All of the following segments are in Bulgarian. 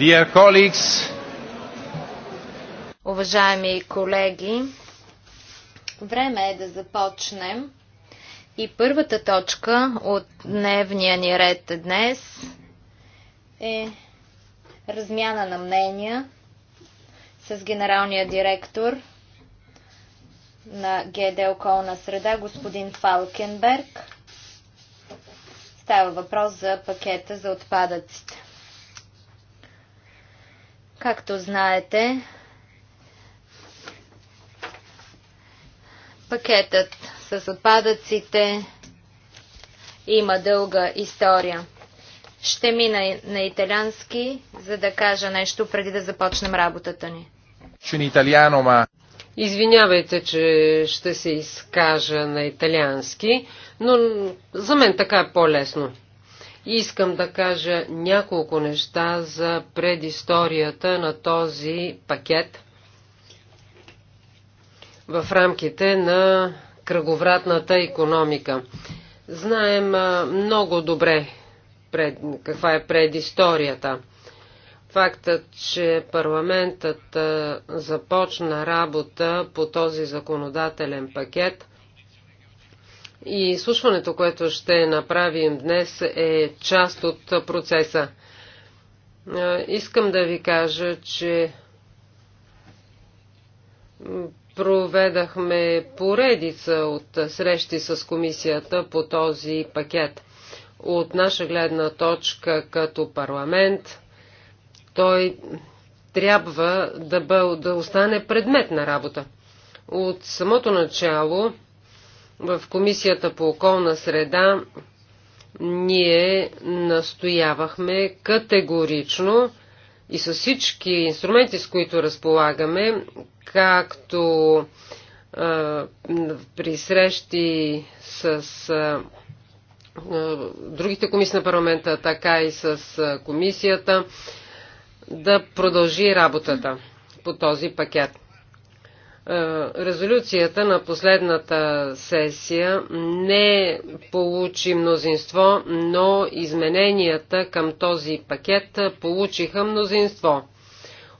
Dear colleagues, Уважаеми колеги, време е да започнем. И първата точка от дневния ни ред днес е размяна на мнения с генералния директор на ГД Околна среда, господин Фалкенберг. Става въпрос за пакета за отпадъците. Както знаете, пакетът с отпадъците има дълга история. Ще мина на италиански, за да кажа нещо преди да започнем работата ни. Извинявайте, че ще се изкажа на италиански, но за мен така е по-лесно. Искам да кажа няколко неща за предисторията на този пакет в рамките на кръговратната економика. Знаем много добре пред, каква е предисторията. Фактът, че парламентът започна работа по този законодателен пакет – и слушването, което ще направим днес, е част от процеса. Искам да ви кажа, че проведахме поредица от срещи с комисията по този пакет. От наша гледна точка като парламент, той трябва да, бъл, да остане предмет на работа. От самото начало в Комисията по околна среда ние настоявахме категорично и с всички инструменти, с които разполагаме, както е, при срещи с е, другите комисии на парламента, така и с комисията, да продължи работата по този пакет. Е, резолюцията на последната сесия не получи мнозинство, но измененията към този пакет получиха мнозинство.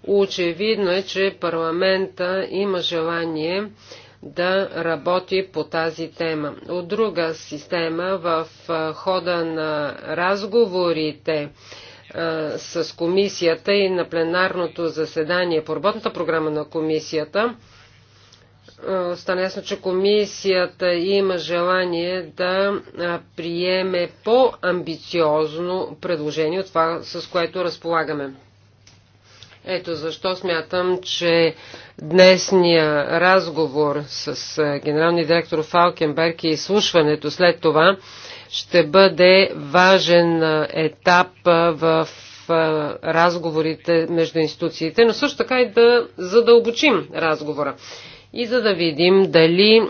Очевидно е, че парламента има желание да работи по тази тема. От друга система в е, хода на разговорите е, с комисията и на пленарното заседание по работната програма на комисията, стана ясно, че комисията има желание да приеме по-амбициозно предложение от това, с което разполагаме. Ето защо смятам, че днесния разговор с генералния директор Фалкенберг и изслушването след това ще бъде важен етап в разговорите между институциите, но също така и да задълбочим разговора и за да видим дали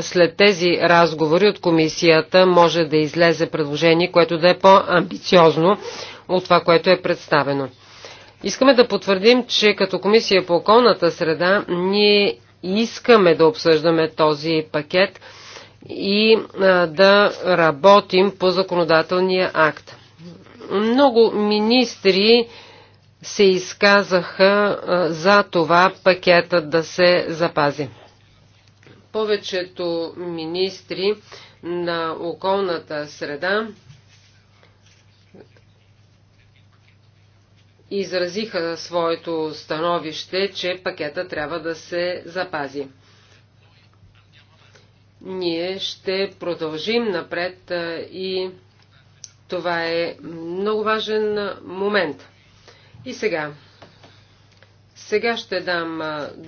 след тези разговори от комисията може да излезе предложение, което да е по-амбициозно от това, което е представено. Искаме да потвърдим, че като комисия по околната среда ние искаме да обсъждаме този пакет и да работим по законодателния акт. Много министри се изказаха за това пакета да се запази. Повечето министри на околната среда изразиха своето становище, че пакета трябва да се запази. Ние ще продължим напред и това е много важен момент – и сега. Сега ще дам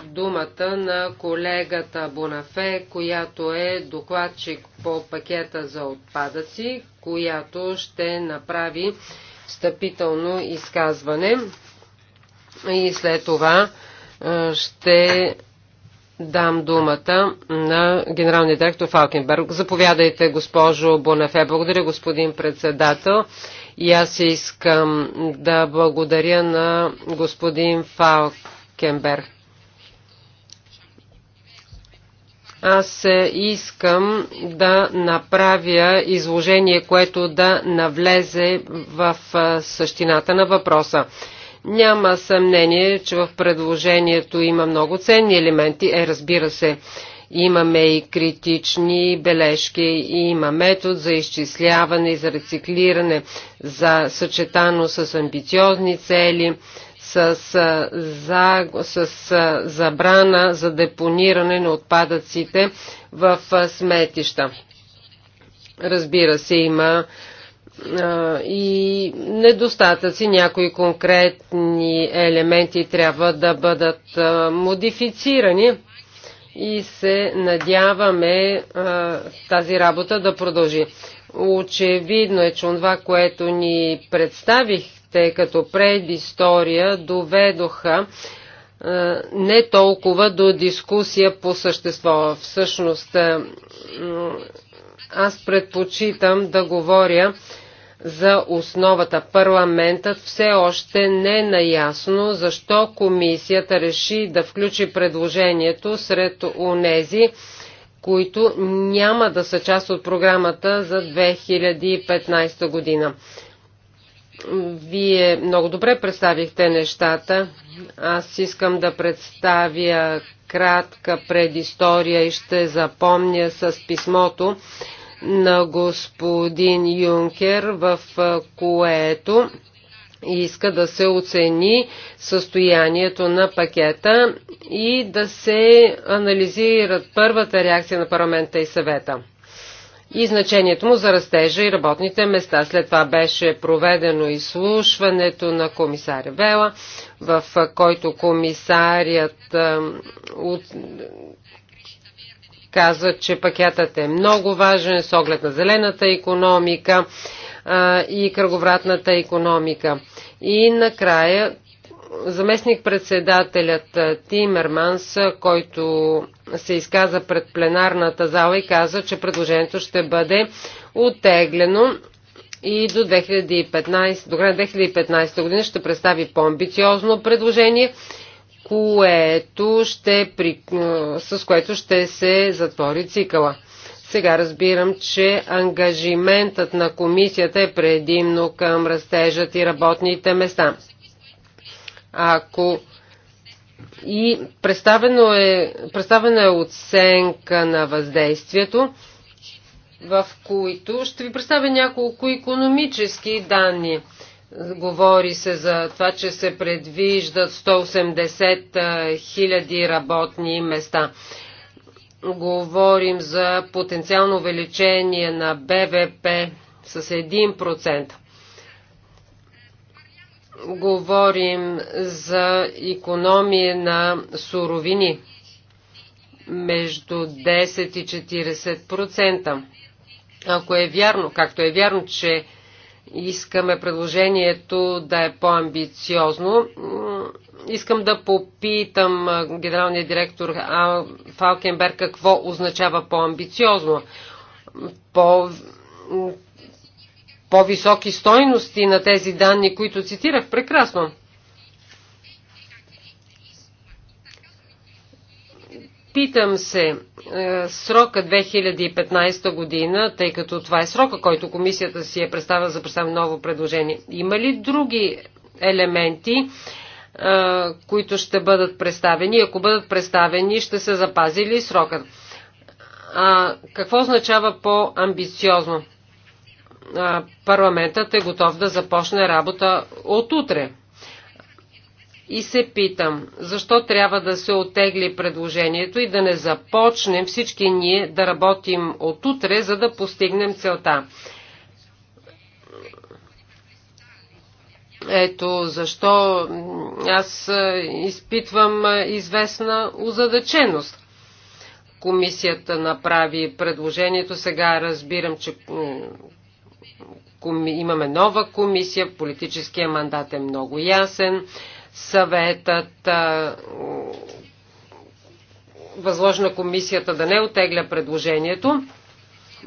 думата на колегата Бонафе, която е докладчик по пакета за отпадъци, която ще направи встъпително изказване. И след това ще дам думата на генералния директор Фалкенберг. Заповядайте, госпожо Бонафе. Благодаря, господин председател. И аз искам да благодаря на господин Фалкенберг. Аз искам да направя изложение, което да навлезе в същината на въпроса. Няма съмнение, че в предложението има много ценни елементи. Е, разбира се, Имаме и критични бележки, и има метод за изчисляване и за рециклиране, за съчетано с амбициозни цели, с, за, с забрана за депониране на отпадъците в сметища. Разбира се, има и недостатъци, някои конкретни елементи трябва да бъдат модифицирани и се надяваме а, тази работа да продължи. Очевидно е, че това, което ни представихте като предистория, доведоха а, не толкова до дискусия по същество. Всъщност, а, аз предпочитам да говоря за основата. Парламентът все още не е наясно защо комисията реши да включи предложението сред унези, които няма да са част от програмата за 2015 година. Вие много добре представихте нещата. Аз искам да представя кратка предистория и ще запомня с писмото на господин Юнкер, в което иска да се оцени състоянието на пакета и да се анализират първата реакция на парламента и съвета и значението му за растежа и работните места. След това беше проведено изслушването на комисаря Вела, в който комисарият каза, че пакетът е много важен с оглед на зелената економика а, и кръговратната економика. И накрая заместник-председателят Тимерманс, който се изказа пред пленарната зала и каза, че предложението ще бъде отеглено и до, 2015, до 2015 година ще представи по-амбициозно предложение което ще, с което ще се затвори цикъла. Сега разбирам, че ангажиментът на комисията е предимно към растежът и работните места. Ако и представено е, представена е оценка на въздействието, в които ще ви представя няколко економически данни. Говори се за това, че се предвиждат 180 хиляди работни места. Говорим за потенциално увеличение на БВП с 1%. Говорим за економия на суровини между 10 и 40%. Ако е вярно, както е вярно, че Искаме предложението да е по-амбициозно. Искам да попитам генералния директор Фалкенберг какво означава по-амбициозно. По, по-високи стойности на тези данни, които цитирах. Прекрасно. Питам се, е, срока 2015 година, тъй като това е срока, който комисията си е представила за представя ново предложение, има ли други елементи, е, които ще бъдат представени? Ако бъдат представени, ще се запази ли срокът? А, какво означава по-амбициозно? парламентът е готов да започне работа от утре. И се питам, защо трябва да се отегли предложението и да не започнем всички ние да работим от утре, за да постигнем целта. Ето защо аз е, изпитвам е, известна озадаченост. Комисията направи предложението. Сега разбирам, че имаме нова комисия, политическия мандат е много ясен Съветът възложи на комисията да не отегля предложението.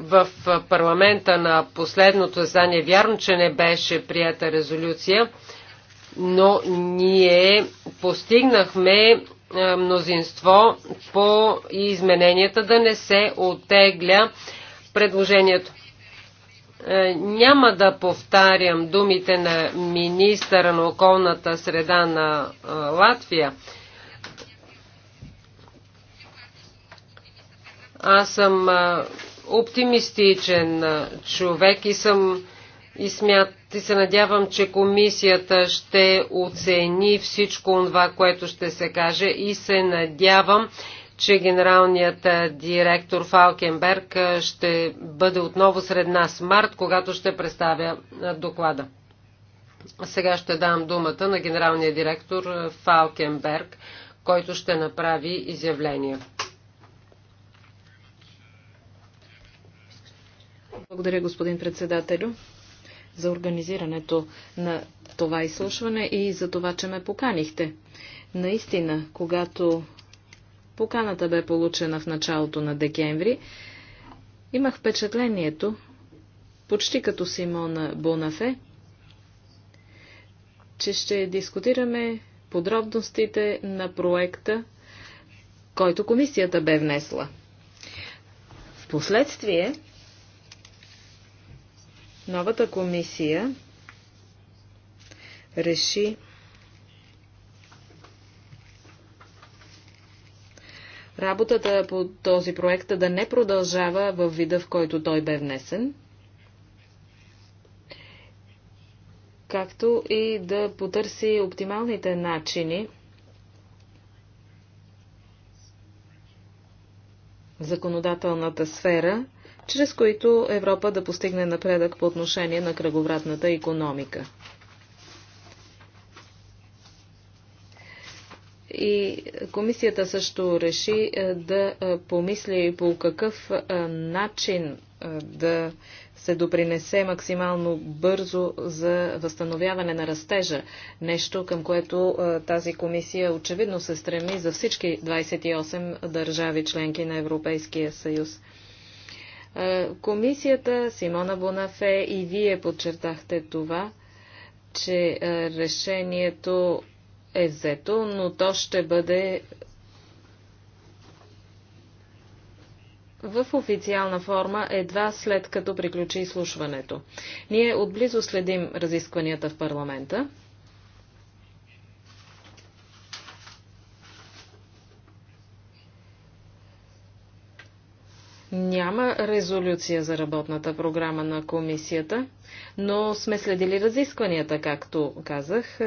В парламента на последното заседание вярно, че не беше прията резолюция, но ние постигнахме мнозинство по измененията да не се отегля предложението. Е, няма да повтарям думите на министъра на околната среда на е, Латвия. Аз съм е, оптимистичен човек и съм и, смят, и се надявам, че комисията ще оцени всичко това, което ще се каже и се надявам, че генералният е, директор Фалкенберг е, ще бъде отново сред нас март, когато ще представя е, доклада. Сега ще дам думата на генералния директор Фалкенберг, който ще направи изявление. Благодаря, господин председателю, за организирането на това изслушване и за това, че ме поканихте. Наистина, когато Поканата бе получена в началото на декември. Имах впечатлението, почти като Симона Бонафе, че ще дискутираме подробностите на проекта, който комисията бе внесла. Впоследствие новата комисия реши работата по този проект да не продължава в вида, в който той бе внесен, както и да потърси оптималните начини в законодателната сфера, чрез които Европа да постигне напредък по отношение на кръговратната економика. И комисията също реши е, да е, помисли по какъв е, начин да се допринесе максимално бързо за възстановяване на растежа. Нещо, към което тази комисия очевидно се стреми за всички 28 държави членки на Европейския съюз. Комисията, Симона Бонафе и вие подчертахте това, че решението е взето, но то ще бъде в официална форма едва след като приключи изслушването. Ние отблизо следим разискванията в парламента. Няма резолюция за работната програма на комисията, но сме следили разискванията, както казах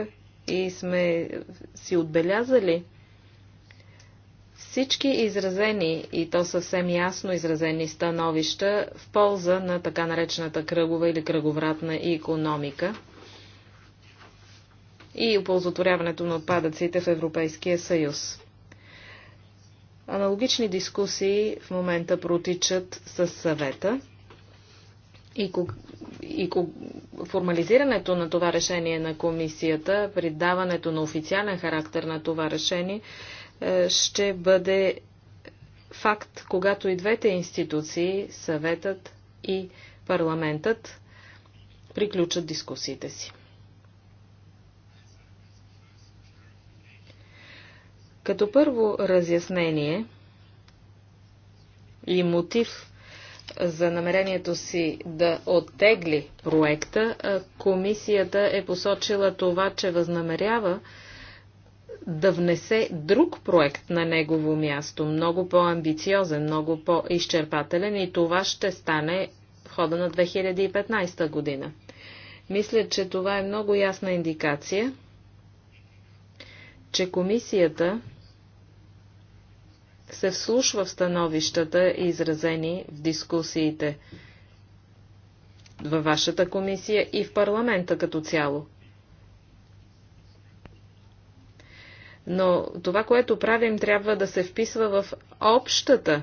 и сме си отбелязали всички изразени, и то съвсем ясно изразени становища в полза на така наречената кръгова или кръговратна економика и оползотворяването на отпадъците в Европейския съюз. Аналогични дискусии в момента протичат с съвета и и формализирането на това решение на комисията, придаването на официален характер на това решение, е, ще бъде факт, когато и двете институции, съветът и парламентът, приключат дискусиите си. Като първо разяснение и мотив за намерението си да оттегли проекта, комисията е посочила това, че възнамерява да внесе друг проект на негово място, много по-амбициозен, много по-изчерпателен и това ще стане в хода на 2015 година. Мисля, че това е много ясна индикация, че комисията се вслушва в становищата, изразени в дискусиите във вашата комисия и в парламента като цяло. Но това, което правим, трябва да се вписва в общата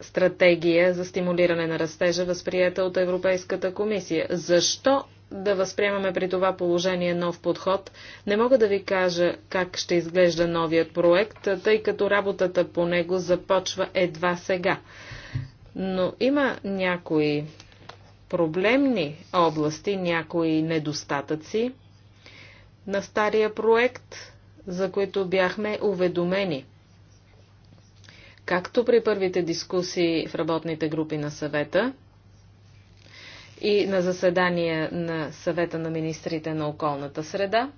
стратегия за стимулиране на растежа, възприета от Европейската комисия. Защо да възприемаме при това положение нов подход. Не мога да ви кажа как ще изглежда новият проект, тъй като работата по него започва едва сега. Но има някои проблемни области, някои недостатъци на стария проект, за които бяхме уведомени. Както при първите дискусии в работните групи на съвета, и на заседание на съвета на министрите на околната среда,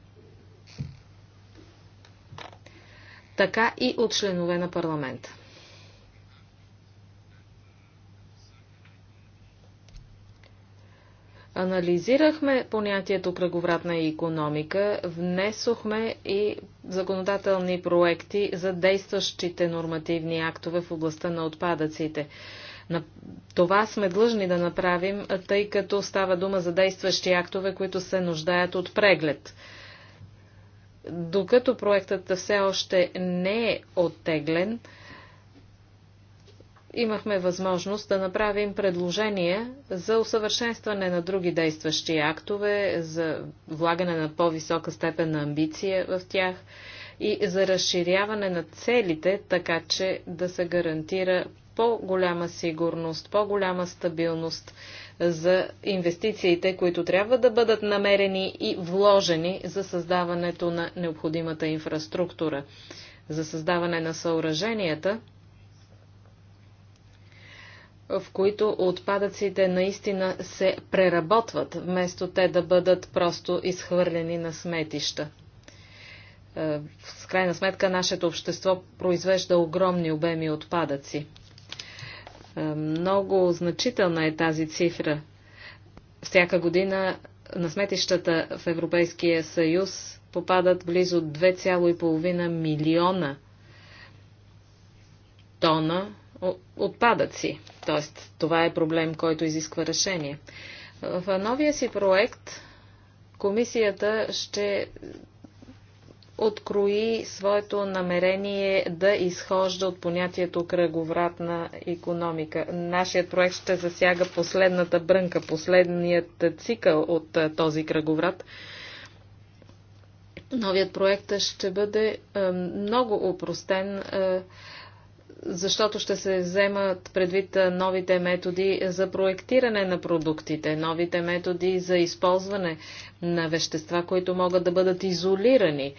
така и от членове на парламента. Анализирахме понятието кръговратна економика, внесохме и законодателни проекти за действащите нормативни актове в областта на отпадъците. Това сме длъжни да направим, тъй като става дума за действащи актове, които се нуждаят от преглед. Докато проектът все още не е оттеглен, имахме възможност да направим предложения за усъвършенстване на други действащи актове, за влагане на по-висока степен на амбиция в тях и за разширяване на целите, така че да се гарантира по-голяма сигурност, по-голяма стабилност за инвестициите, които трябва да бъдат намерени и вложени за създаването на необходимата инфраструктура, за създаване на съоръженията, в които отпадъците наистина се преработват, вместо те да бъдат просто изхвърлени на сметища. Е, в крайна сметка нашето общество произвежда огромни обеми отпадъци. Е, много значителна е тази цифра. Всяка година на сметищата в Европейския съюз попадат близо 2,5 милиона тона отпадъци. Тоест, това е проблем, който изисква решение. В новия си проект комисията ще открои своето намерение да изхожда от понятието кръговратна економика. Нашият проект ще засяга последната брънка, последният цикъл от този кръговрат. Новият проект ще бъде много упростен защото ще се вземат предвид новите методи за проектиране на продуктите, новите методи за използване на вещества, които могат да бъдат изолирани.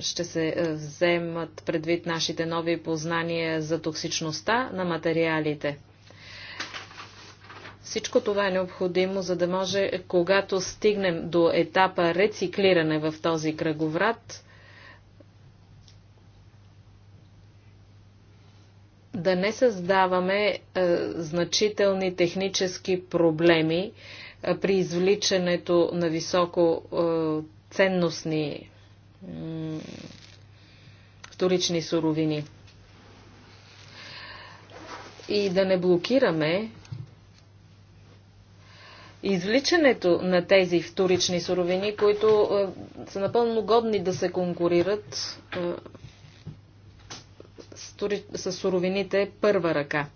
Ще се вземат предвид нашите нови познания за токсичността на материалите. Всичко това е необходимо, за да може, когато стигнем до етапа рециклиране в този кръговрат, да не създаваме е, значителни технически проблеми е, при извличането на високо е, ценностни вторични суровини. И да не блокираме извличането на тези вторични суровини, които са напълно годни да се конкурират с суровините първа ръка.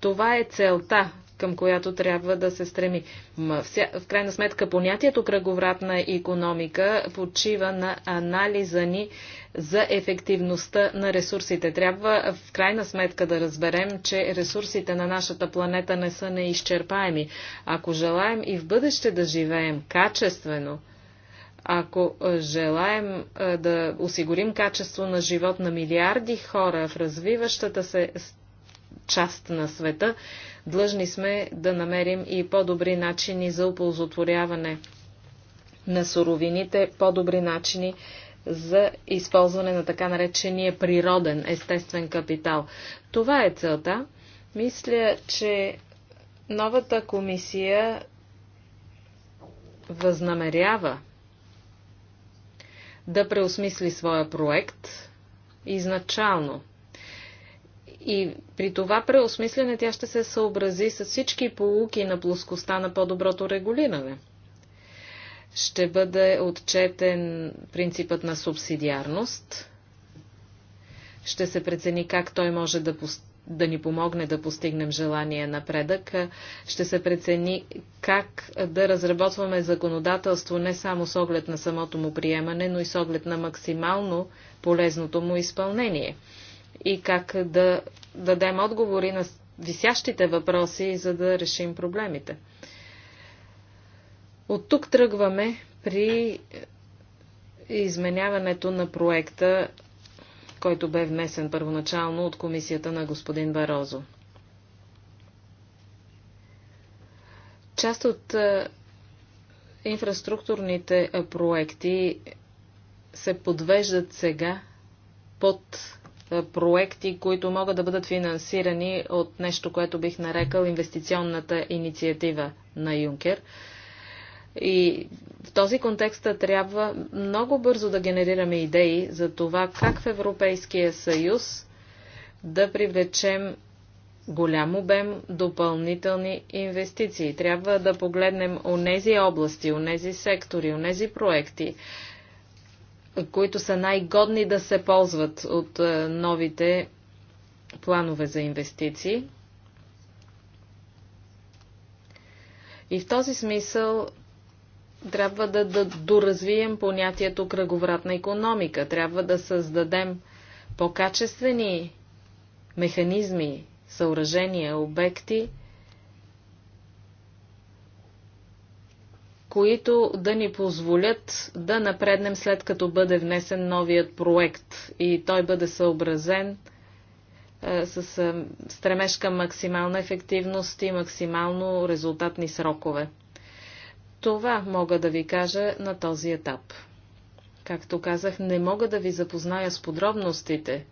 Това е целта, към която трябва да се стреми. В крайна сметка понятието кръговратна економика почива на анализа ни за ефективността на ресурсите. Трябва в крайна сметка да разберем, че ресурсите на нашата планета не са неизчерпаеми. Ако желаем и в бъдеще да живеем качествено, ако желаем да осигурим качество на живот на милиарди хора в развиващата се част на света, длъжни сме да намерим и по-добри начини за оползотворяване на суровините, по-добри начини за използване на така наречения природен, естествен капитал. Това е целта. Мисля, че новата комисия възнамерява да преосмисли своя проект изначално. И при това преосмислене тя ще се съобрази с всички полуки на плоскостта на по-доброто регулиране. Ще бъде отчетен принципът на субсидиарност. Ще се прецени как той може да постигне да ни помогне да постигнем желания напредък, ще се прецени как да разработваме законодателство не само с оглед на самото му приемане, но и с оглед на максимално полезното му изпълнение и как да дадем отговори на висящите въпроси, за да решим проблемите. От тук тръгваме при изменяването на проекта който бе внесен първоначално от комисията на господин Барозо. Част от е, инфраструктурните е, проекти се подвеждат сега под е, проекти, които могат да бъдат финансирани от нещо, което бих нарекал инвестиционната инициатива на Юнкер – и в този контекст трябва много бързо да генерираме идеи за това как в Европейския съюз да привлечем голям обем допълнителни инвестиции. Трябва да погледнем нези области, нези сектори, нези проекти, които са най-годни да се ползват от е, новите планове за инвестиции. И в този смисъл трябва да, да доразвием понятието кръговратна економика. Трябва да създадем по-качествени механизми, съоръжения, обекти, които да ни позволят да напреднем след като бъде внесен новият проект и той бъде съобразен е, с е, стремеж към максимална ефективност и максимално резултатни срокове. Това мога да ви кажа на този етап. Както казах, не мога да ви запозная с подробностите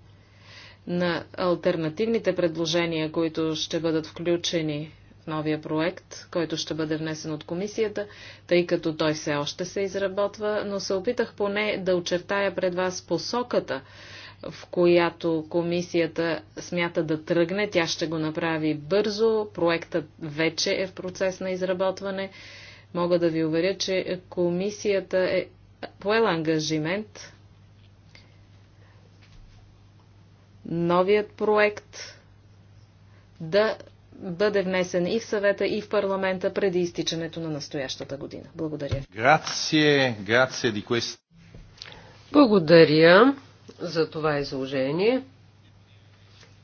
на альтернативните предложения, които ще бъдат включени в новия проект, който ще бъде внесен от комисията, тъй като той все още се изработва, но се опитах поне да очертая пред вас посоката, в която комисията смята да тръгне. Тя ще го направи бързо. Проектът вече е в процес на изработване. Мога да ви уверя, че комисията е поела ангажимент новият проект да бъде внесен и в съвета, и в парламента преди изтичането на настоящата година. Благодаря. Грация, грация ди questo. Благодаря за това изложение.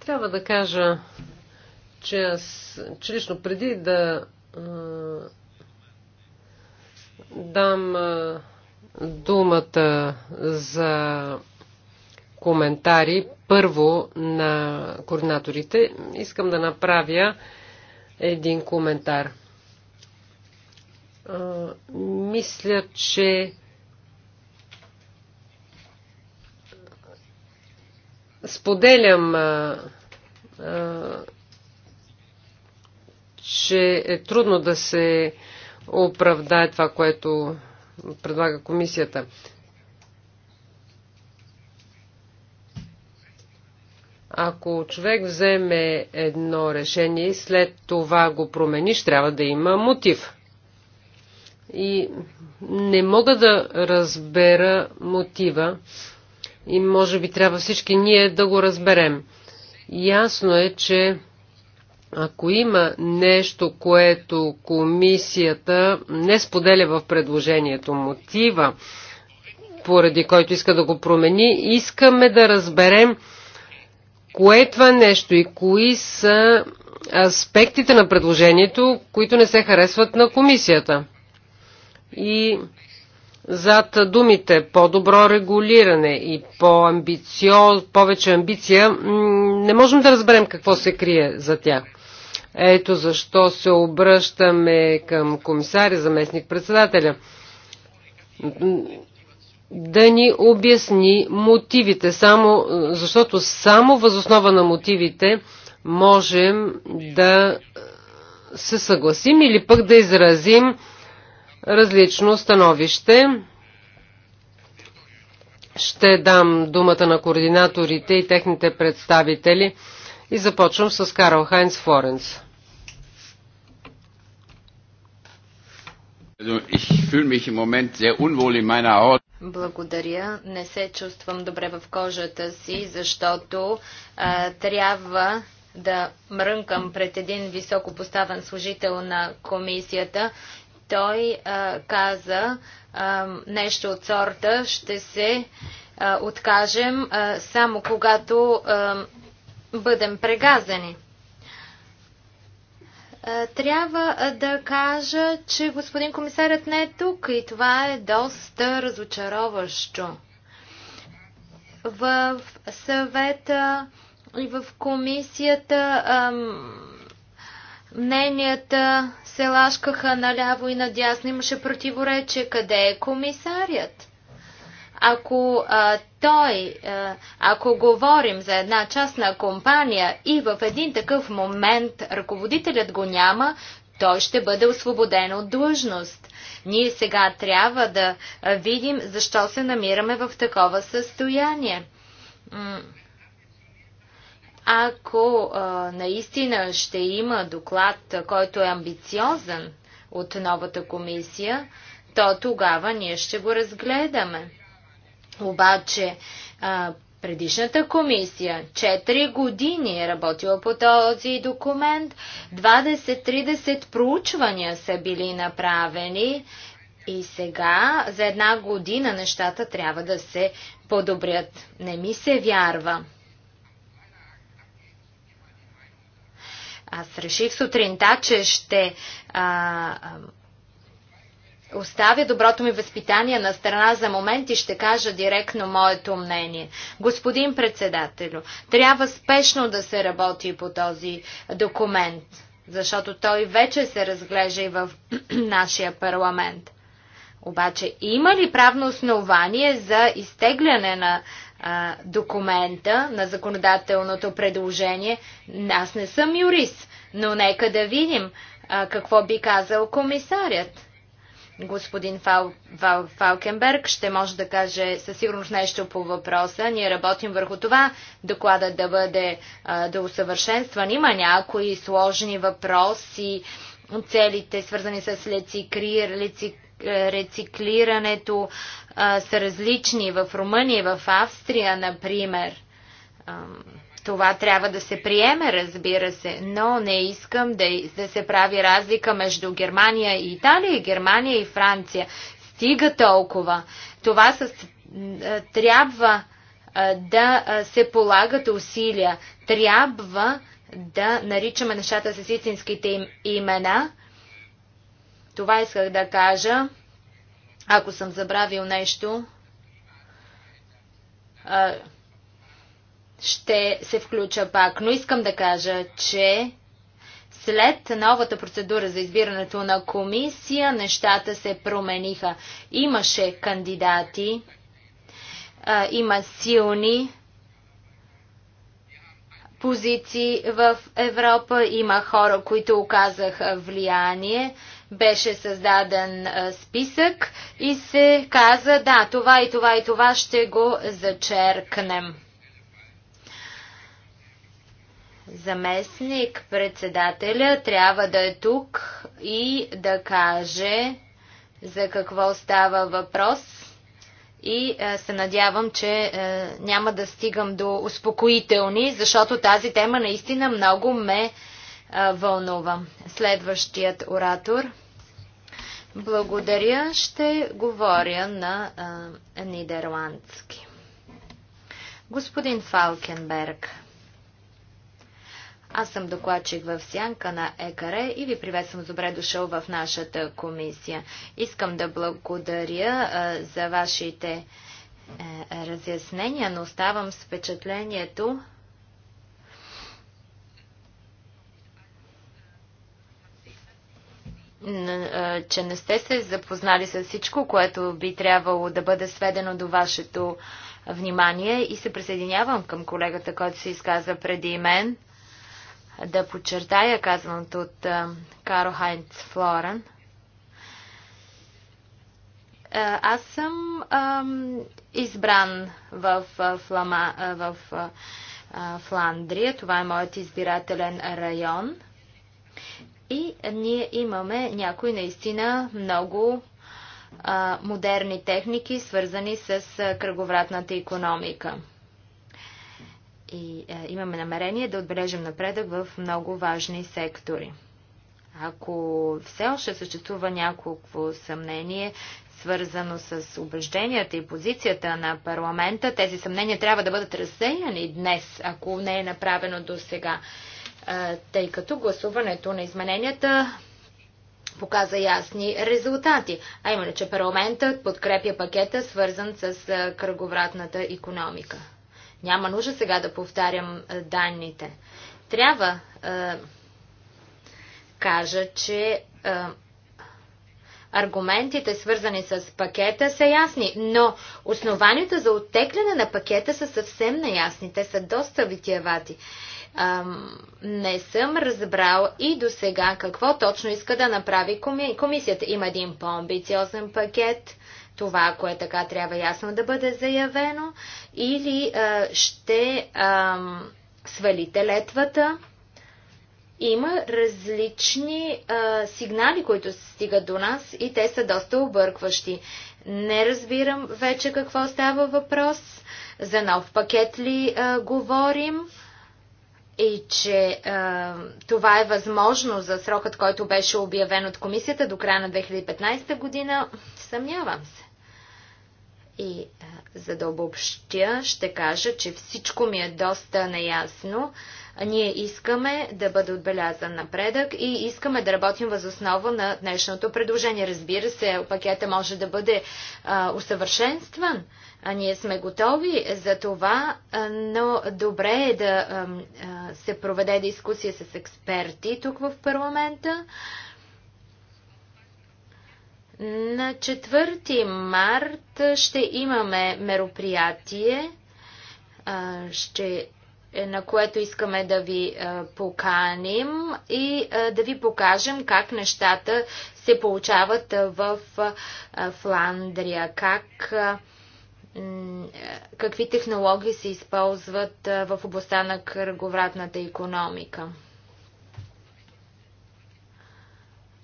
Трябва да кажа, че аз, че лично преди да дам думата за коментари първо на координаторите. Искам да направя един коментар. Мисля, че споделям че е трудно да се оправдае това, което предлага комисията. Ако човек вземе едно решение и след това го промениш, трябва да има мотив. И не мога да разбера мотива и може би трябва всички ние да го разберем. Ясно е, че ако има нещо, което комисията не споделя в предложението, мотива, поради който иска да го промени, искаме да разберем кое е това нещо и кои са аспектите на предложението, които не се харесват на комисията. И зад думите по-добро регулиране и по повече амбиция, не можем да разберем какво се крие за тях. Ето защо се обръщаме към комисаря, заместник председателя, да ни обясни мотивите, само, защото само възоснова на мотивите можем да се съгласим или пък да изразим различно становище. Ще дам думата на координаторите и техните представители и започвам с Карл Хайнц Флоренс. Благодаря. Не се чувствам добре в кожата си, защото а, трябва да мрънкам пред един високо поставен служител на комисията. Той а, каза а, нещо от сорта. Ще се а, откажем а, само когато а, бъдем прегазани. Е, трябва е, да кажа, че господин комисарят не е тук и това е доста разочароващо. В съвета и в комисията мненията се лашкаха наляво и надясно. Имаше противоречие. Къде е комисарият? Ако а, той, а, ако говорим за една частна компания и в един такъв момент ръководителят го няма, той ще бъде освободен от длъжност. Ние сега трябва да видим защо се намираме в такова състояние. Ако а, наистина ще има доклад, който е амбициозен от новата комисия, то тогава ние ще го разгледаме. Обаче а, предишната комисия 4 години е работила по този документ, 20-30 проучвания са били направени и сега за една година нещата трябва да се подобрят. Не ми се вярва. Аз реших сутринта, че ще а, оставя доброто ми възпитание на страна за момент и ще кажа директно моето мнение. Господин председателю, трябва спешно да се работи по този документ, защото той вече се разглежда и в нашия парламент. Обаче има ли правно основание за изтегляне на а, документа, на законодателното предложение? Аз не съм юрист, но нека да видим а, какво би казал комисарят господин Фал, Фал, Фалкенберг ще може да каже със сигурност нещо по въпроса. Ние работим върху това доклада да бъде да усъвършенстван. Има някои сложни въпроси, целите свързани с е, рециклирането са различни в Румъния, в Австрия, например. Това трябва да се приеме, разбира се, но не искам да, да се прави разлика между Германия и Италия, Германия и Франция. Стига толкова. Това с, трябва да се полагат усилия. Трябва да наричаме нещата с истинските им имена. Това исках да кажа. Ако съм забравил нещо, ще се включа пак. Но искам да кажа, че след новата процедура за избирането на комисия, нещата се промениха. Имаше кандидати, има силни позиции в Европа, има хора, които оказаха влияние. Беше създаден списък и се каза, да, това и това и това ще го зачеркнем заместник председателя трябва да е тук и да каже за какво става въпрос и е, се надявам, че е, няма да стигам до успокоителни, защото тази тема наистина много ме е, вълнува. Следващият оратор. Благодаря. Ще говоря на е, нидерландски. Господин Фалкенберг. Аз съм докладчик в Сянка на ЕКАРЕ и ви приветствам добре дошъл в нашата комисия. Искам да благодаря а, за вашите е, разяснения, но оставам с впечатлението, че не сте се запознали с всичко, което би трябвало да бъде сведено до вашето внимание и се присъединявам към колегата, който се изказа преди мен да подчертая казаното от Каро Хайнц Флорен. Аз съм ам, избран в, Флама, в а, Фландрия. Това е моят избирателен район. И ние имаме някои наистина много а, модерни техники, свързани с кръговратната економика и е, имаме намерение да отбележим напредък в много важни сектори. Ако все още съществува няколко съмнение, свързано с убежденията и позицията на парламента, тези съмнения трябва да бъдат разсеяни днес, ако не е направено до сега. Е, тъй като гласуването на измененията показа ясни резултати, а именно, че парламентът подкрепя пакета, свързан с е, кръговратната економика. Няма нужда сега да повтарям е, данните. Трябва е, кажа, че е, аргументите, свързани с пакета, са ясни, но основанията за оттегляне на пакета са съвсем неясни. Те са доста витиевати. Е, не съм разбрал и до сега какво точно иска да направи комисията. Има един по-амбициозен пакет, това, ако е така, трябва ясно да бъде заявено, или а, ще а, свалите летвата. Има различни а, сигнали, които стигат до нас и те са доста объркващи. Не разбирам вече какво става въпрос, за нов пакет ли а, говорим и че а, това е възможно за срокът, който беше обявен от комисията до края на 2015 година, съмнявам се. И а, за да обобщя, ще кажа, че всичко ми е доста неясно. Ние искаме да бъде отбелязан напредък и искаме да работим възоснова на днешното предложение. Разбира се, пакета може да бъде а, усъвършенстван. А ние сме готови за това, а, но добре е да а, се проведе дискусия с експерти тук в парламента. А, на 4 март ще имаме мероприятие, ще, е, на което искаме да ви поканим и да ви покажем как нещата се получават в Фландрия, как какви технологии се използват в областта на кръговратната економика.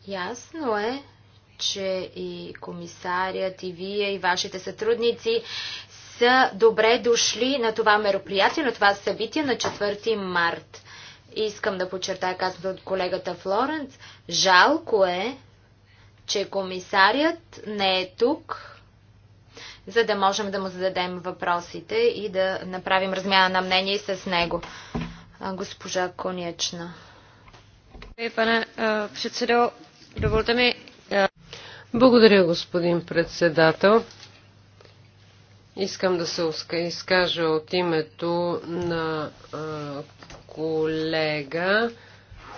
Ясно е, че и комисарият, и вие, и вашите сътрудници са добре дошли на това мероприятие, на това събитие на 4 март. Искам да подчертая казвам от колегата Флоренц. Жалко е, че комисарият не е тук, за да можем да му зададем въпросите и да направим размяна на мнение с него. Госпожа Конечна. Е, пане председател, доволте ми благодаря, господин председател. Искам да се изкажа от името на колега.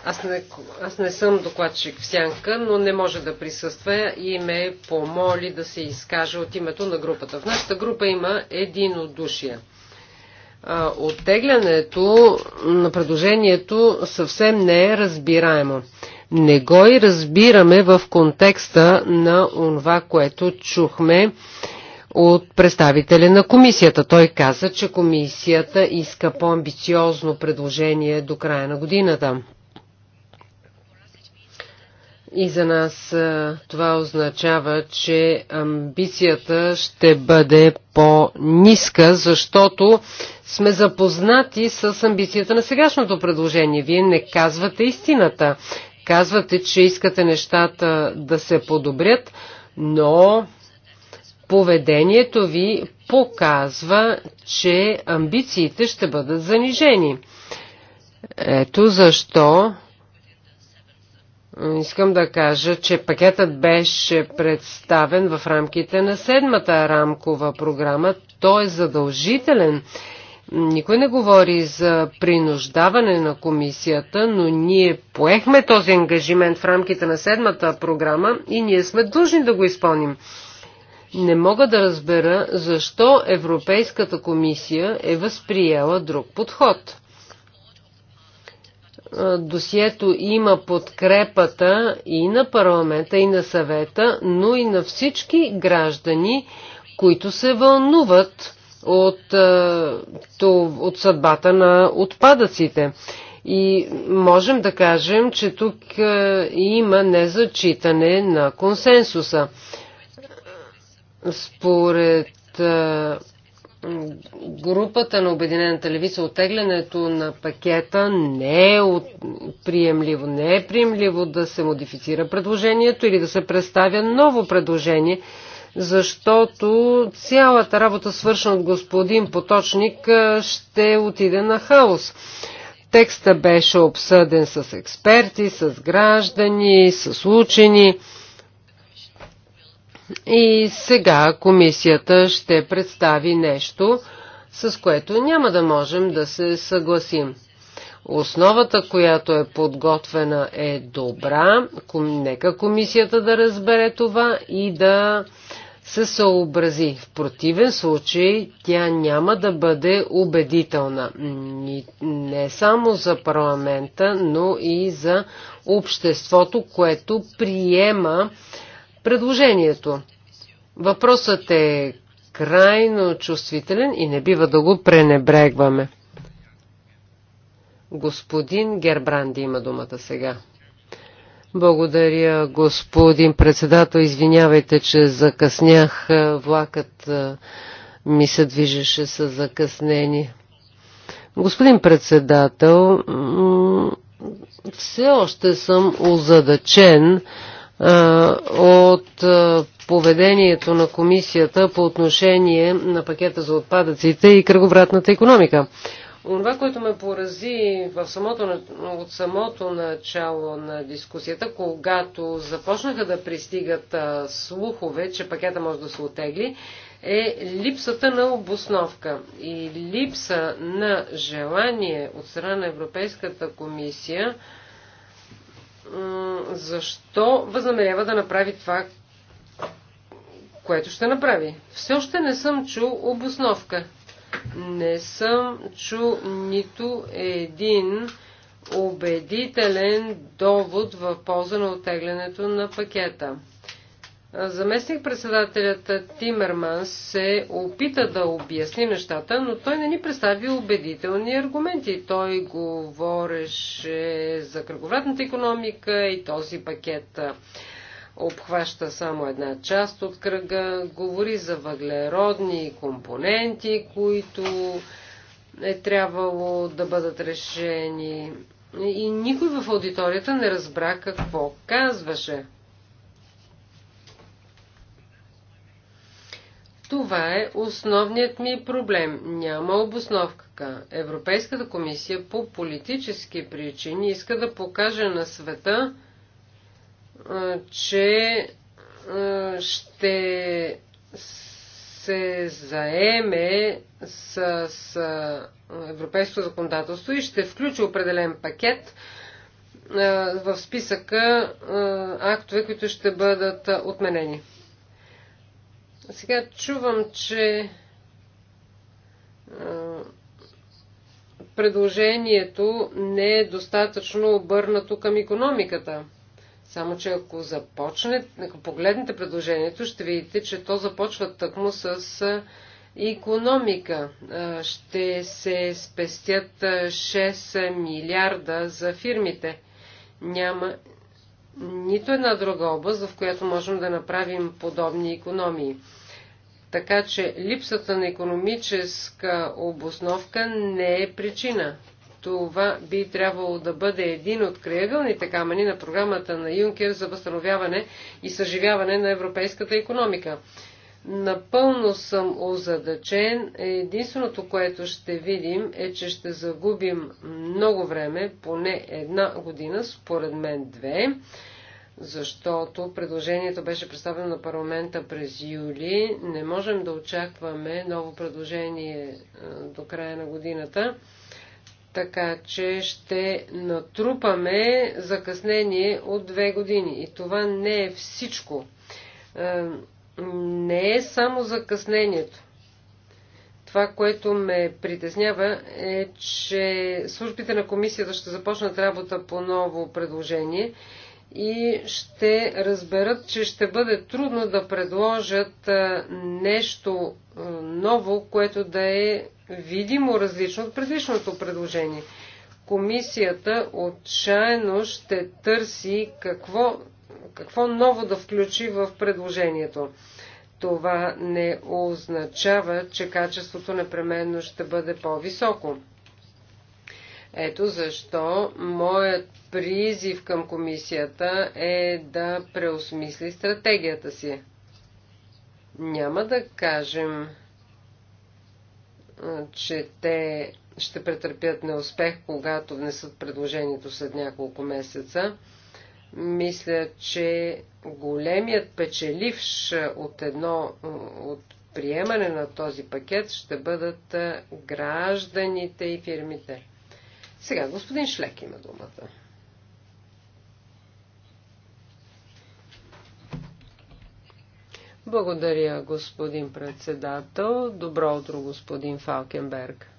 Аз не, аз не съм докладчик в сянка, но не може да присъства и ме помоли да се изкаже от името на групата. В нашата група има единодушие. Оттеглянето на предложението съвсем не е разбираемо не го и разбираме в контекста на това, което чухме от представителя на комисията. Той каза, че комисията иска по-амбициозно предложение до края на годината. И за нас това означава, че амбицията ще бъде по-ниска, защото сме запознати с амбицията на сегашното предложение. Вие не казвате истината. Казвате, че искате нещата да се подобрят, но поведението ви показва, че амбициите ще бъдат занижени. Ето защо искам да кажа, че пакетът беше представен в рамките на седмата рамкова програма. Той е задължителен никой не говори за принуждаване на комисията, но ние поехме този ангажимент в рамките на седмата програма и ние сме длъжни да го изпълним. Не мога да разбера защо Европейската комисия е възприела друг подход. Досието има подкрепата и на парламента, и на съвета, но и на всички граждани, които се вълнуват от, е, от съдбата на отпадъците. И можем да кажем, че тук е, има незачитане на консенсуса. Според е, групата на Обединената левица отеглянето на пакета не е от... приемливо. Не е приемливо да се модифицира предложението или да се представя ново предложение, защото цялата работа, свършена от господин Поточник, ще отиде на хаос. Текста беше обсъден с експерти, с граждани, с учени. И сега комисията ще представи нещо, с което няма да можем да се съгласим. Основата, която е подготвена, е добра. Нека комисията да разбере това и да се съобрази. В противен случай тя няма да бъде убедителна не само за парламента, но и за обществото, което приема предложението. Въпросът е крайно чувствителен и не бива да го пренебрегваме. Господин Гербранди има думата сега. Благодаря, господин председател. Извинявайте, че закъснях. Влакът ми се движеше с закъснение. Господин председател, все още съм озадачен от поведението на комисията по отношение на пакета за отпадъците и кръговратната економика. Онова, което ме порази в самото, от самото начало на дискусията, когато започнаха да пристигат слухове, че пакета може да се отегли, е липсата на обосновка и липса на желание от страна на Европейската комисия защо възнамерява да направи това, което ще направи. Все още не съм чул обосновка. Не съм чу нито един убедителен довод в полза на отеглянето на пакета. Заместник-председателят Тимерман се опита да обясни нещата, но той не ни представи убедителни аргументи. Той говореше за кръговратната економика и този пакет обхваща само една част от кръга, говори за въглеродни компоненти, които е трябвало да бъдат решени. И никой в аудиторията не разбра какво казваше. Това е основният ми проблем. Няма обосновка. Европейската комисия по политически причини иска да покаже на света, че ще се заеме с, европейското законодателство и ще включи определен пакет в списъка актове, които ще бъдат отменени. Сега чувам, че предложението не е достатъчно обърнато към економиката – само, че ако започнете, ако погледнете предложението, ще видите, че то започва тъкмо с економика. Ще се спестят 6 милиарда за фирмите. Няма нито една друга област, в която можем да направим подобни економии. Така че липсата на економическа обосновка не е причина. Това би трябвало да бъде един от краягълните камъни на програмата на Юнкер за възстановяване и съживяване на европейската економика. Напълно съм озадачен. Единственото, което ще видим е, че ще загубим много време, поне една година, според мен две, защото предложението беше представено на парламента през юли. Не можем да очакваме ново предложение до края на годината. Така че ще натрупаме закъснение от две години. И това не е всичко. Е, не е само закъснението. Това, което ме притеснява е, че службите на комисията ще започнат работа по ново предложение и ще разберат, че ще бъде трудно да предложат е, нещо е, ново, което да е видимо различно от предишното предложение. Комисията отчаяно ще търси какво, какво ново да включи в предложението. Това не означава, че качеството непременно ще бъде по-високо. Ето защо моят призив към комисията е да преосмисли стратегията си. Няма да кажем, че те ще претърпят неуспех, когато внесат предложението след няколко месеца. Мисля, че големият печеливш от едно от приемане на този пакет ще бъдат гражданите и фирмите. Сега господин Шлек има думата. Благодаря, господин председател. Добро утро, господин Фалкенберг.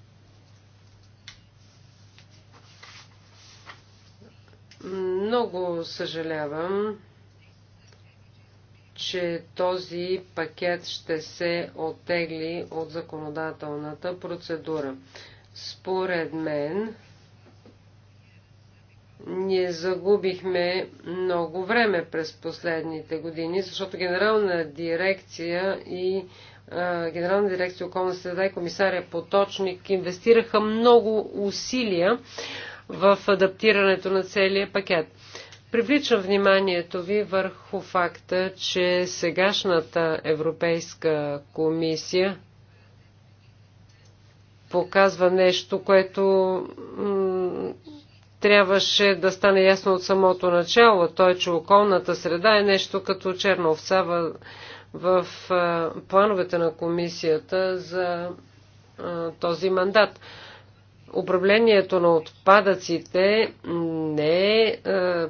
Много съжалявам, че този пакет ще се оттегли от законодателната процедура. Според мен, ние загубихме много време през последните години, защото генерална дирекция и а, Генерална дирекция околна среда и комисаря Поточник инвестираха много усилия в адаптирането на целия пакет. Привличам вниманието ви върху факта, че сегашната Европейска комисия показва нещо, което трябваше да стане ясно от самото начало. Той, че околната среда е нещо като черна овца в, в плановете на комисията за а, този мандат. Управлението на отпадъците не, е,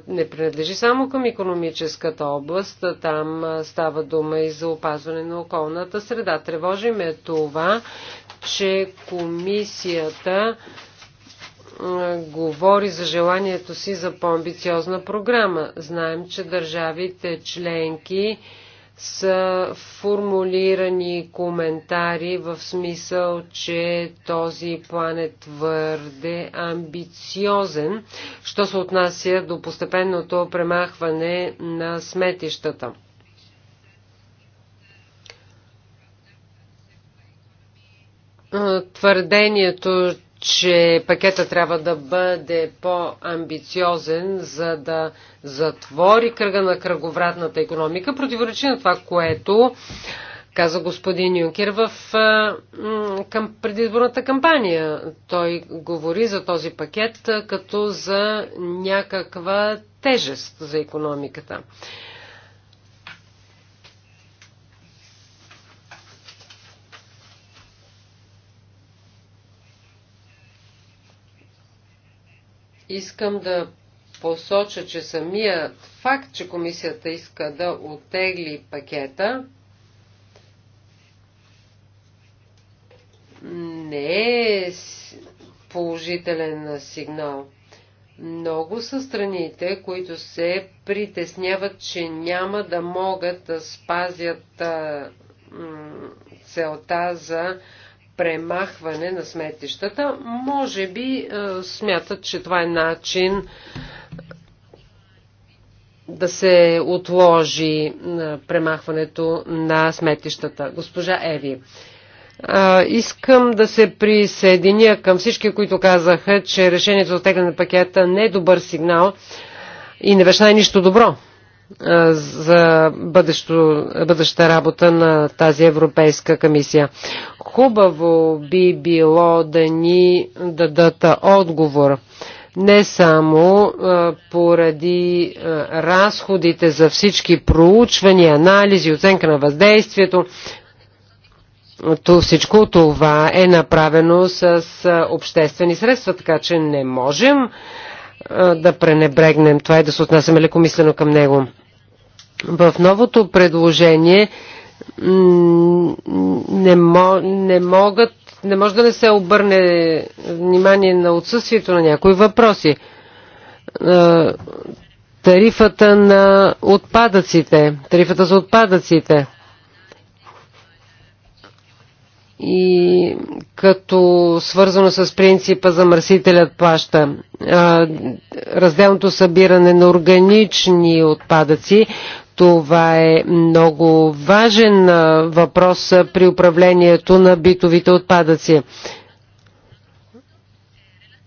не принадлежи само към економическата област, там става дума и за опазване на околната среда. Тревожиме това, че комисията говори за желанието си за по-амбициозна програма. Знаем, че държавите членки са формулирани коментари в смисъл, че този план е твърде амбициозен, що се отнася до постепенното премахване на сметищата. Твърдението, че пакета трябва да бъде по-амбициозен, за да затвори кръга на кръговратната економика, противоречи на това, което каза господин Юнкер в към предизборната кампания. Той говори за този пакет като за някаква тежест за економиката. Искам да посоча, че самият факт, че комисията иска да отегли пакета, не е положителен сигнал. Много са страните, които се притесняват, че няма да могат да спазят целта за премахване на сметищата. Може би е, смятат, че това е начин е, да се отложи е, премахването на сметищата. Госпожа Еви, искам да се присъединя към всички, които казаха, че решението за оттегляне на пакета не е добър сигнал и не вещае нищо добро за бъдещо, бъдеща работа на тази Европейска комисия. Хубаво би било да ни дадат отговор не само поради разходите за всички проучвания, анализи, оценка на въздействието. То, всичко това е направено с обществени средства, така че не можем да пренебрегнем това и е да се отнасяме лекомислено към него. В новото предложение не, мо, не могат, не може да не се обърне внимание на отсъствието на някои въпроси. Тарифата на отпадъците, тарифата за отпадъците – и като свързано с принципа замърсителят плаща. Разделното събиране на органични отпадъци, това е много важен въпрос при управлението на битовите отпадъци.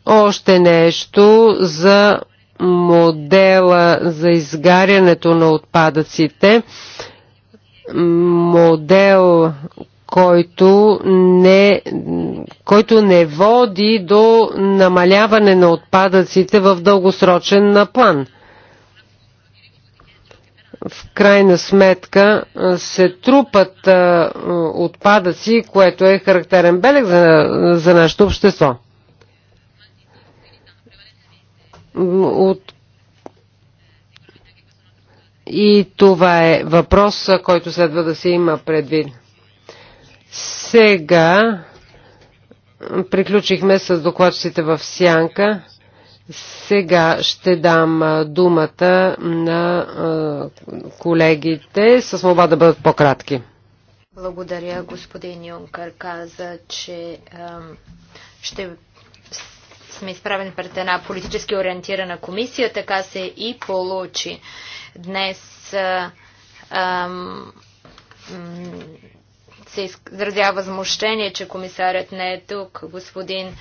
Още нещо за модела за изгарянето на отпадъците. Модел, който не, който не води до намаляване на отпадъците в дългосрочен план. В крайна сметка се трупат отпадъци, което е характерен белег за, за нашето общество. От и това е въпрос, който следва да се има предвид. Сега приключихме с докладчиците в Сянка. Сега ще дам думата на колегите с молба да бъдат по-кратки. Благодаря, господин Юнкър. Каза, че ще сме изправени пред една политически ориентирана комисия. Така се и получи. Днес ам, се изразява възмущение, че комисарят не е тук, господин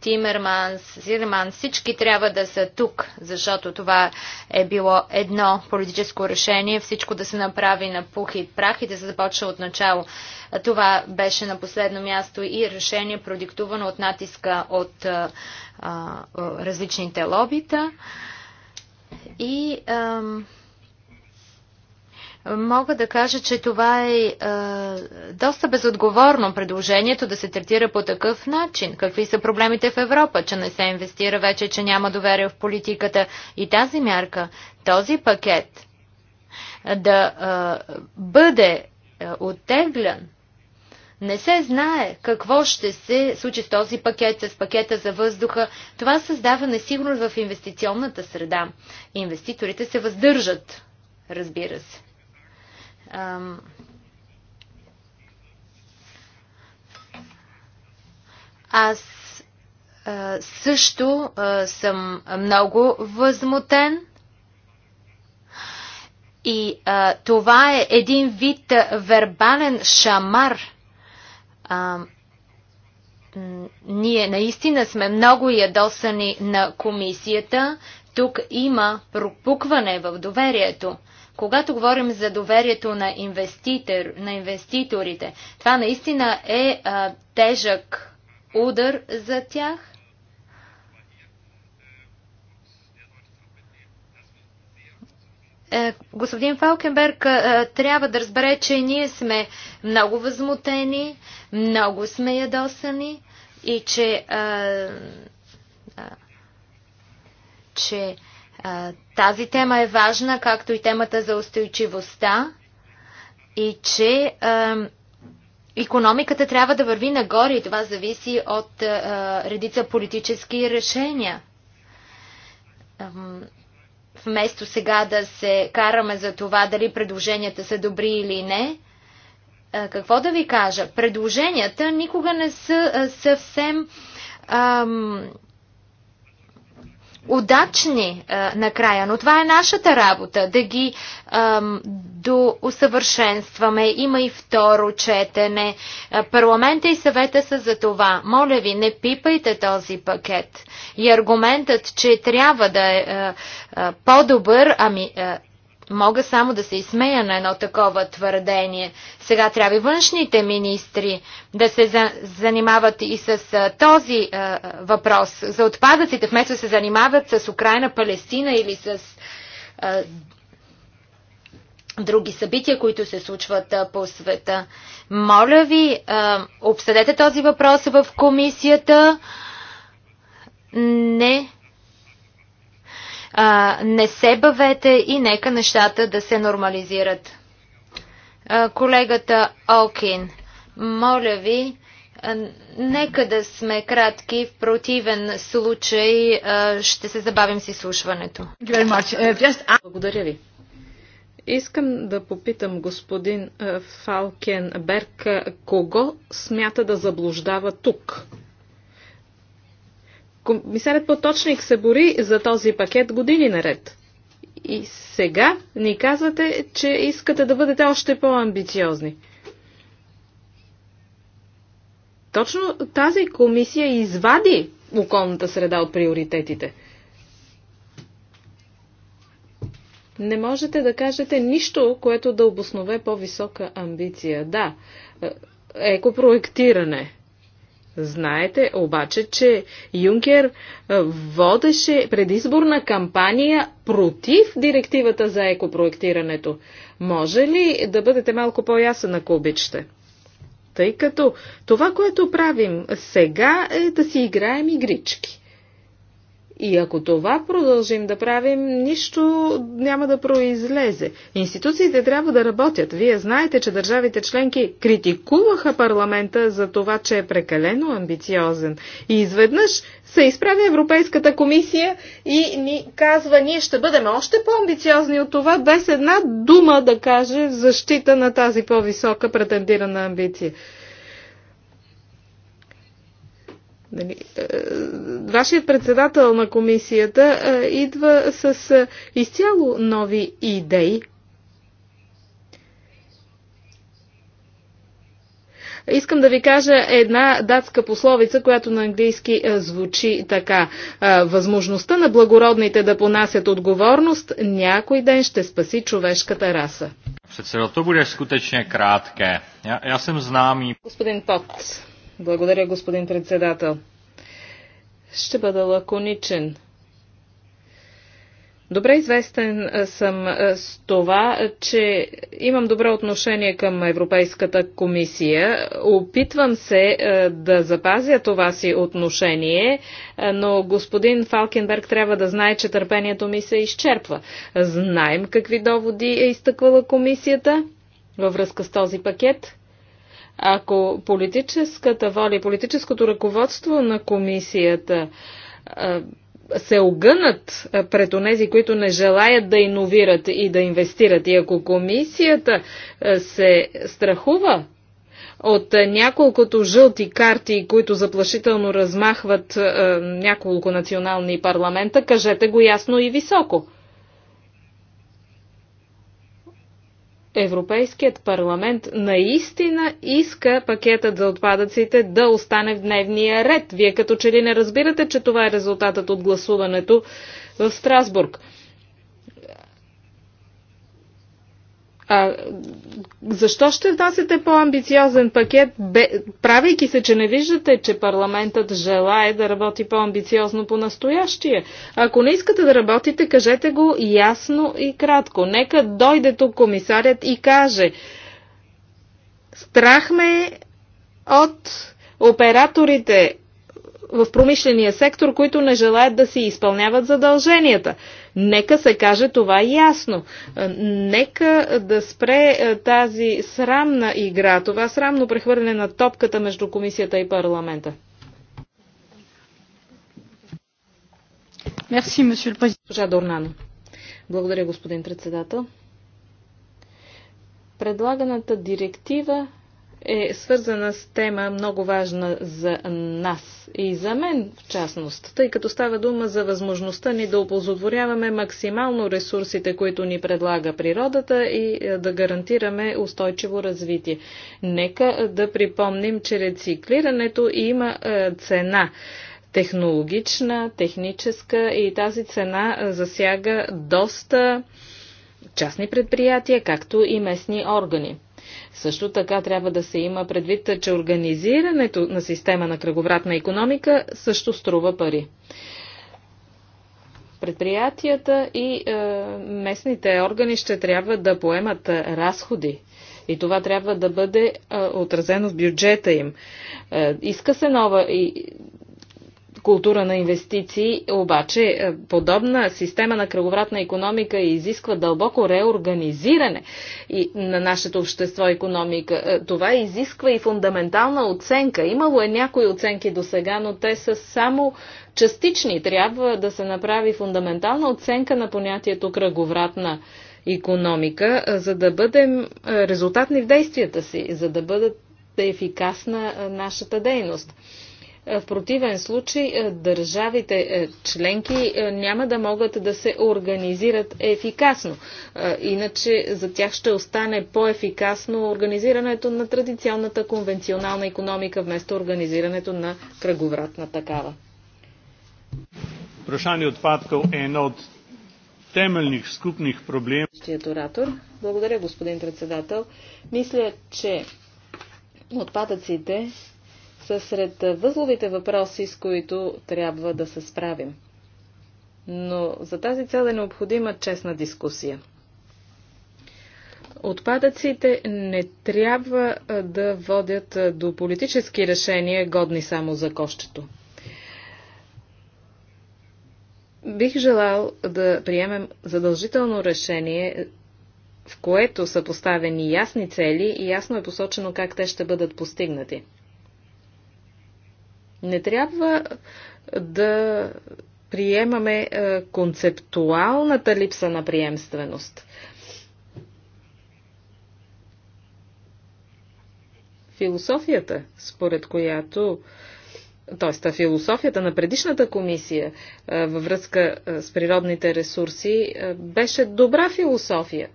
Тимерман, Зирман, всички трябва да са тук, защото това е било едно политическо решение, всичко да се направи на пух и прах и да се започва от начало. Това беше на последно място и решение, продиктувано от натиска от а, а, различните лобита. И а, Мога да кажа, че това е, е доста безотговорно предложението да се третира по такъв начин. Какви са проблемите в Европа, че не се инвестира вече, че няма доверие в политиката и тази мярка, този пакет да е, бъде е, оттеглен. Не се знае какво ще се случи с този пакет, с пакета за въздуха. Това създава несигурност в инвестиционната среда. Инвеститорите се въздържат, разбира се. Um, аз а, също а, съм много възмутен. И а, това е един вид а, вербален шамар. А, ние наистина сме много ядосани на комисията. Тук има пропукване в доверието. Когато говорим за доверието на, инвеститор, на инвеститорите, това наистина е а, тежък удар за тях. Е, господин Фалкенберг трябва да разбере, че ние сме много възмутени, много сме ядосани и че, а, а, че тази тема е важна, както и темата за устойчивостта и че економиката трябва да върви нагоре и това зависи от редица политически решения вместо сега да се караме за това дали предложенията са добри или не, какво да ви кажа? Предложенията никога не са съвсем ам, удачни а, е, накрая, но това е нашата работа, да ги ам, доусъвършенстваме. Има и второ четене. Е, парламента и съвета са за това. Моля ви, не пипайте този пакет. И аргументът, че трябва да е, е по-добър, ами а, Мога само да се изсмея на едно такова твърдение. Сега трябва и външните министри да се за, занимават и с а, този а, въпрос за отпадъците, вместо да се занимават с Украина, Палестина или с а, други събития, които се случват а, по света. Моля ви, а, обсъдете този въпрос в комисията. Не а, не се бавете и нека нещата да се нормализират. А, колегата Окин, моля ви, а, нека да сме кратки, в противен случай а, ще се забавим с изслушването. Uh, Благодаря ви. Искам да попитам господин Фалкенберг, кого смята да заблуждава тук? Комисарят Поточник се бори за този пакет години наред. И сега ни казвате, че искате да бъдете още по-амбициозни. Точно тази комисия извади околната среда от приоритетите. Не можете да кажете нищо, което да обоснове по-висока амбиция. Да, е, е, екопроектиране – Знаете обаче, че Юнкер водеше предизборна кампания против директивата за екопроектирането. Може ли да бъдете малко по-ясен, ако обичате? Тъй като това, което правим сега е да си играем игрички. И ако това продължим да правим, нищо няма да произлезе. Институциите трябва да работят. Вие знаете, че държавите членки критикуваха парламента за това, че е прекалено амбициозен. И изведнъж се изправя Европейската комисия и ни казва, ние ще бъдем още по-амбициозни от това, без една дума да каже в защита на тази по-висока претендирана амбиция. Нали, е, вашият председател на комисията е, идва с е, изцяло нови идеи. Искам да ви кажа една датска пословица, която на английски е, звучи така. Възможността на благородните да понасят отговорност някой ден ще спаси човешката раса. Председател, то бъде скутечне кратке. Я, я съм знам и... Господин Пот. Благодаря, господин председател. Ще бъда лаконичен. Добре известен съм с това, че имам добро отношение към Европейската комисия. Опитвам се да запазя това си отношение, но господин Фалкенберг трябва да знае, че търпението ми се изчерпва. Знаем какви доводи е изтъквала комисията във връзка с този пакет. Ако политическата воля и политическото ръководство на комисията се огънат пред онези, които не желаят да иновират и да инвестират. И ако комисията се страхува от няколкото жълти карти, които заплашително размахват няколко национални парламента, кажете го ясно и високо. Европейският парламент наистина иска пакетът за отпадъците да остане в дневния ред. Вие като че ли не разбирате, че това е резултатът от гласуването в Страсбург. А, защо ще внасяте по-амбициозен пакет, бе, правейки се, че не виждате, че парламентът желае да работи по-амбициозно по настоящия. Ако не искате да работите, кажете го ясно и кратко. Нека дойде тук комисарят и каже Страхме от операторите в промишления сектор, които не желаят да си изпълняват задълженията. Нека се каже това ясно. Е, нека да спре е, тази срамна игра, това срамно прехвърляне на топката между комисията и парламента. Мерси, Дорнано. Благодаря, господин председател. Предлаганата директива е свързана с тема много важна за нас и за мен в частност, тъй като става дума за възможността ни да опозотворяваме максимално ресурсите, които ни предлага природата и е, да гарантираме устойчиво развитие. Нека е, да припомним, че рециклирането има е, цена технологична, техническа и тази цена засяга доста частни предприятия, както и местни органи. Също така трябва да се има предвид, че организирането на система на кръговратна економика също струва пари. Предприятията и е, местните органи ще трябва да поемат е, разходи и това трябва да бъде е, отразено в бюджета им. Е, иска се нова и култура на инвестиции, обаче е, подобна система на кръговратна економика изисква дълбоко реорганизиране на нашето общество економика. Е, това изисква и фундаментална оценка. Имало е някои оценки до сега, но те са само частични. Трябва да се направи фундаментална оценка на понятието кръговратна економика, е, за да бъдем резултатни в действията си, за да бъдат ефикасна нашата дейност. Е, в противен случай е, държавите е, членки няма да могат да се организират ефикасно. Иначе за тях ще остане по-ефикасно организирането на традиционната конвенционална економика вместо организирането на кръговратна такава. Вprašanje отпадков е едно от темелних скупних проблем. Благодаря, господин председател. Мисля, че отпадъците са сред възловите въпроси, с които трябва да се справим. Но за тази цел е необходима честна дискусия. Отпадъците не трябва да водят до политически решения, годни само за кощето. Бих желал да приемем задължително решение, в което са поставени ясни цели и ясно е посочено как те ще бъдат постигнати. Не трябва да приемаме е, концептуалната липса на приемственост. Философията, според която т.е. философията на предишната комисия е, във връзка е, с природните ресурси беше добра философия.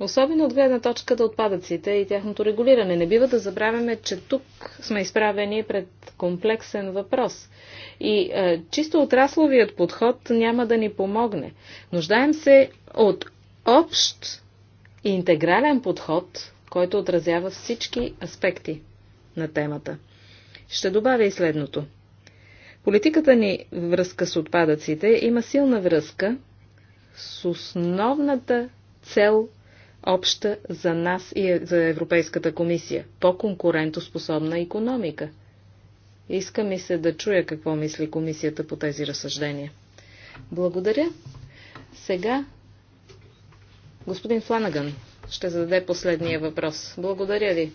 Особено от гледна точка да отпадъците и тяхното регулиране. Не бива да забравяме, че тук сме изправени пред комплексен въпрос. И е, чисто отрасловият подход няма да ни помогне. Нуждаем се от общ и интегрален подход, който отразява всички аспекти на темата. Ще добавя и следното. Политиката ни връзка с отпадъците има силна връзка с основната цел обща за нас и е- за Европейската комисия. По-конкурентоспособна економика. Иска ми се да чуя какво мисли комисията по тези разсъждения. Благодаря. Сега господин Фланаган ще зададе последния въпрос. Благодаря ви.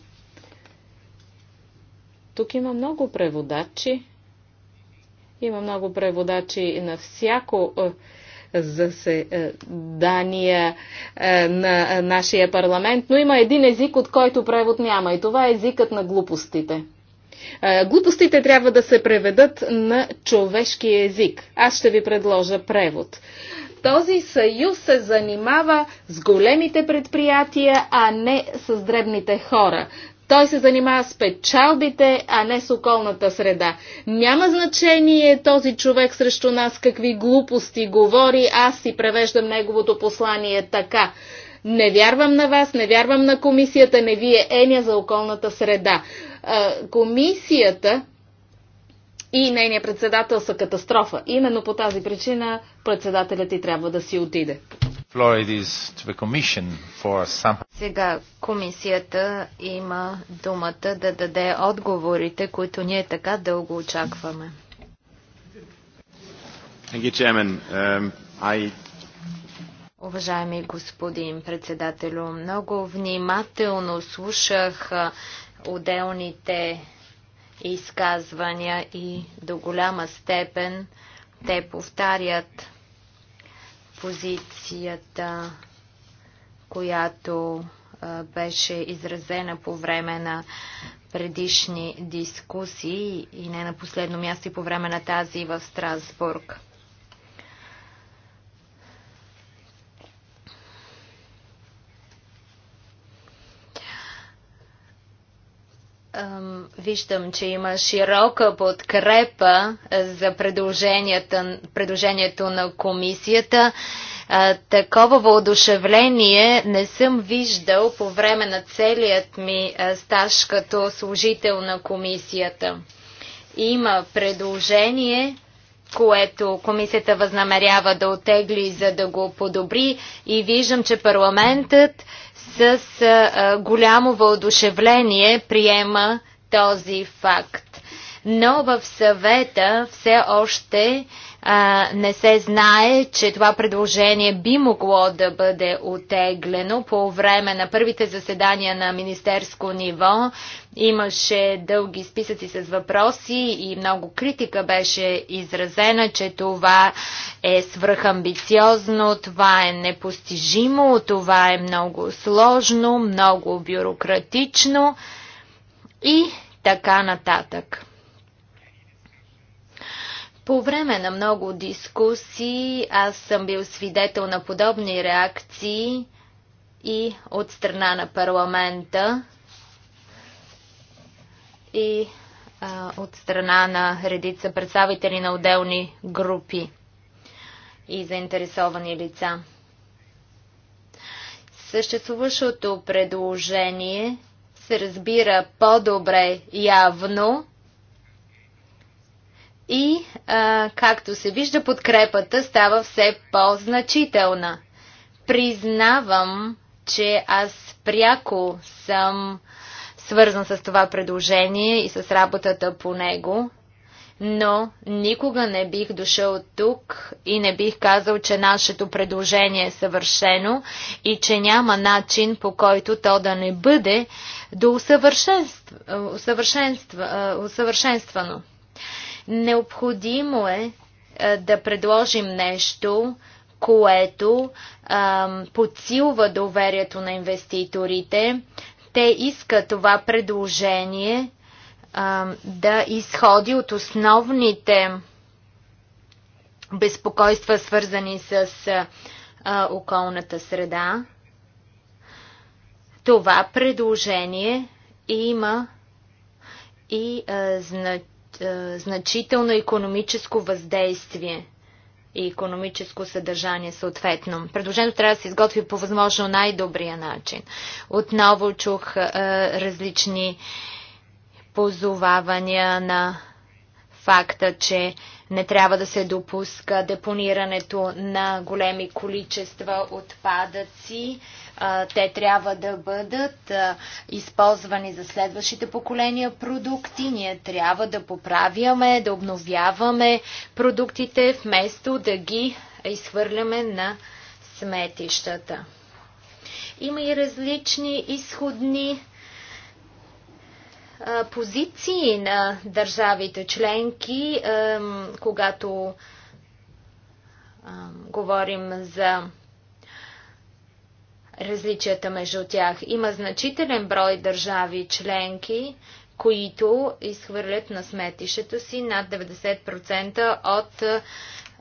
Тук има много преводачи. Има много преводачи на всяко е, заседания е, на нашия парламент, но има един език, от който превод няма и това е езикът на глупостите. Е, глупостите трябва да се преведат на човешки език. Аз ще ви предложа превод. Този съюз се занимава с големите предприятия, а не с дребните хора. Той се занимава с печалбите, а не с околната среда. Няма значение този човек срещу нас какви глупости говори, аз си превеждам неговото послание така. Не вярвам на вас, не вярвам на комисията, не вие еня за околната среда. Комисията и нейният председател са катастрофа. Именно по тази причина председателят и трябва да си отиде. Some... Сега комисията има думата да даде отговорите, които ние така дълго очакваме. Um, Уважаеми господин председателю, много внимателно слушах отделните изказвания и до голяма степен те повтарят позицията която беше изразена по време на предишни дискусии и не на последно място и по време на тази в Страсбург. Виждам, че има широка подкрепа за предложението на комисията. А, такова въодушевление не съм виждал по време на целият ми а, стаж като служител на комисията. Има предложение, което комисията възнамерява да отегли, за да го подобри и виждам, че парламентът с а, голямо въодушевление приема този факт но в съвета все още а, не се знае, че това предложение би могло да бъде отеглено. По време на първите заседания на министерско ниво имаше дълги списъци с въпроси и много критика беше изразена, че това е свръхамбициозно, това е непостижимо, това е много сложно, много бюрократично и така нататък. По време на много дискусии аз съм бил свидетел на подобни реакции и от страна на парламента, и а, от страна на редица представители на отделни групи и заинтересовани лица. Съществуващото предложение се разбира по-добре явно и, а, както се вижда, подкрепата става все по-значителна. Признавам, че аз пряко съм свързан с това предложение и с работата по него, но никога не бих дошъл тук и не бих казал, че нашето предложение е съвършено и че няма начин по който то да не бъде до усъвършенствано. Необходимо е, е да предложим нещо, което подсилва доверието на инвеститорите. Те искат това предложение да изходи от основните безпокойства, свързани с околната среда. Това предложение има и значение е, значително економическо въздействие и економическо съдържание съответно. Предложението трябва да се изготви по възможно най-добрия начин. Отново чух е, различни позовавания на факта, че не трябва да се допуска депонирането на големи количества отпадъци. Е, те трябва да бъдат използвани за следващите поколения продукти. Ние трябва да поправяме, да обновяваме продуктите, вместо да ги изхвърляме на сметищата. Има и различни изходни позиции на държавите членки, когато говорим за различията между тях. Има значителен брой държави членки, които изхвърлят на сметището си над 90% от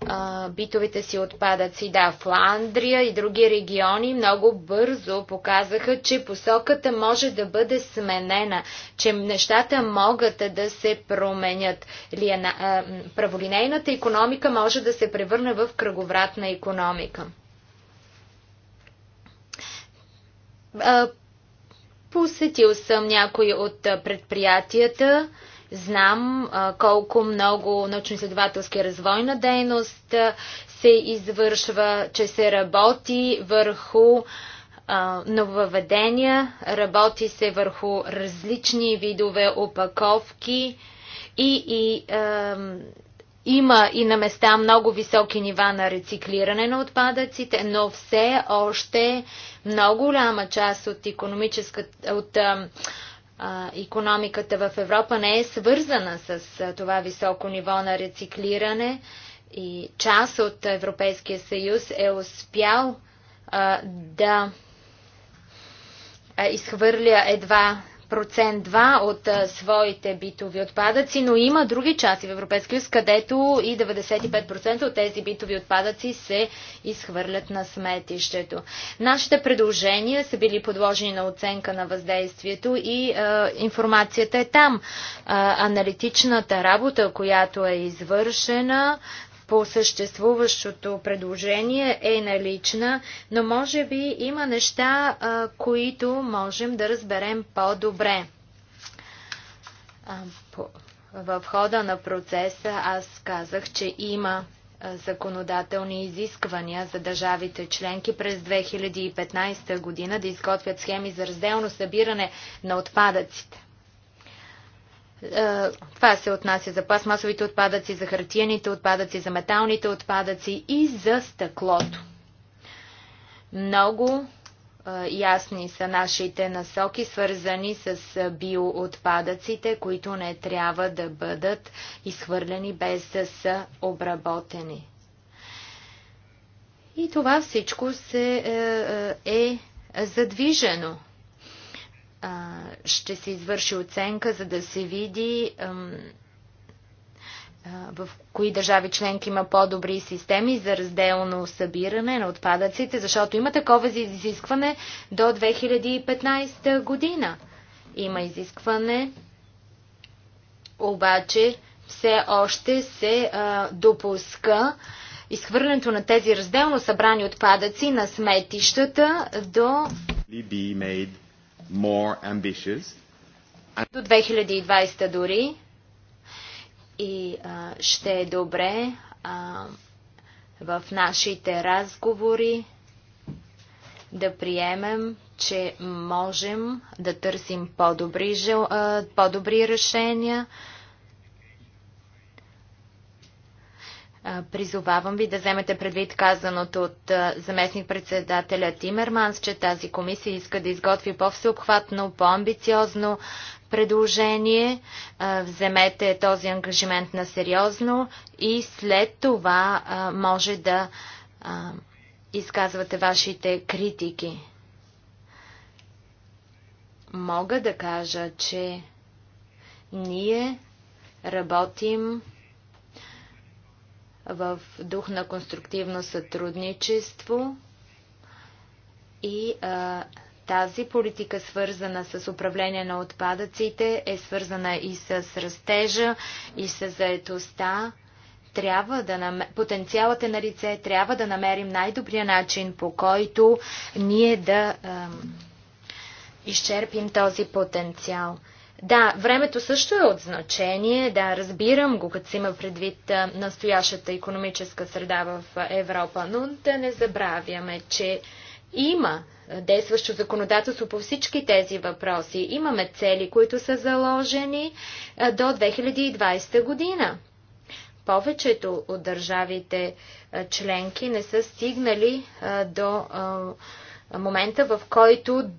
а, битовите си отпадъци. Да, Фландрия и други региони много бързо показаха, че посоката може да бъде сменена, че нещата могат да се променят. Праволинейната економика може да се превърне в кръговратна економика. Посетил съм някои от предприятията. Знам колко много научно изследователски развойна дейност се извършва, че се работи върху нововведения, работи се върху различни видове опаковки и, и има и на места много високи нива на рециклиране на отпадъците, но все още много голяма част от, от а, а, економиката в Европа не е свързана с това високо ниво на рециклиране и част от Европейския съюз е успял а, да изхвърля едва процент 2 от а, своите битови отпадъци, но има други части в Европейския съюз, където и 95% от тези битови отпадъци се изхвърлят на сметището. Нашите предложения са били подложени на оценка на въздействието и а, информацията е там. А, аналитичната работа, която е извършена, по съществуващото предложение е налична, но може би има неща, които можем да разберем по-добре. в хода на процеса аз казах, че има законодателни изисквания за държавите членки през 2015 година да изготвят схеми за разделно събиране на отпадъците. Е, това се отнася за пластмасовите отпадъци, за хартиените отпадъци, за металните отпадъци и за стъклото. Много е, ясни са нашите насоки, свързани с е, биоотпадъците, които не трябва да бъдат изхвърлени без да са обработени. И това всичко се е, е задвижено ще се извърши оценка, за да се види в кои държави членки има по-добри системи за разделно събиране на отпадъците, защото има такова изискване до 2015 година. Има изискване, обаче все още се а, допуска изхвърлянето на тези разделно събрани отпадъци на сметищата до... До 2020 дори. И а, ще е добре а, в нашите разговори да приемем, че можем да търсим по-добри, по-добри решения Призовавам ви да вземете предвид казаното от заместник-председателя Тимерманс, че тази комисия иска да изготви по-всеобхватно, по-амбициозно предложение. Вземете този ангажимент на сериозно и след това може да изказвате вашите критики. Мога да кажа, че ние работим в дух на конструктивно сътрудничество и а, тази политика, свързана с управление на отпадъците, е свързана и с растежа, и с заетостта. Трябва да нам... Потенциалът е на лице, трябва да намерим най-добрия начин, по който ние да а, изчерпим този потенциал. Да, времето също е от значение. Да, разбирам го, като си има предвид настоящата економическа среда в Европа, но да не забравяме, че има действащо законодателство по всички тези въпроси. Имаме цели, които са заложени до 2020 година. Повечето от държавите членки не са стигнали до момента, в който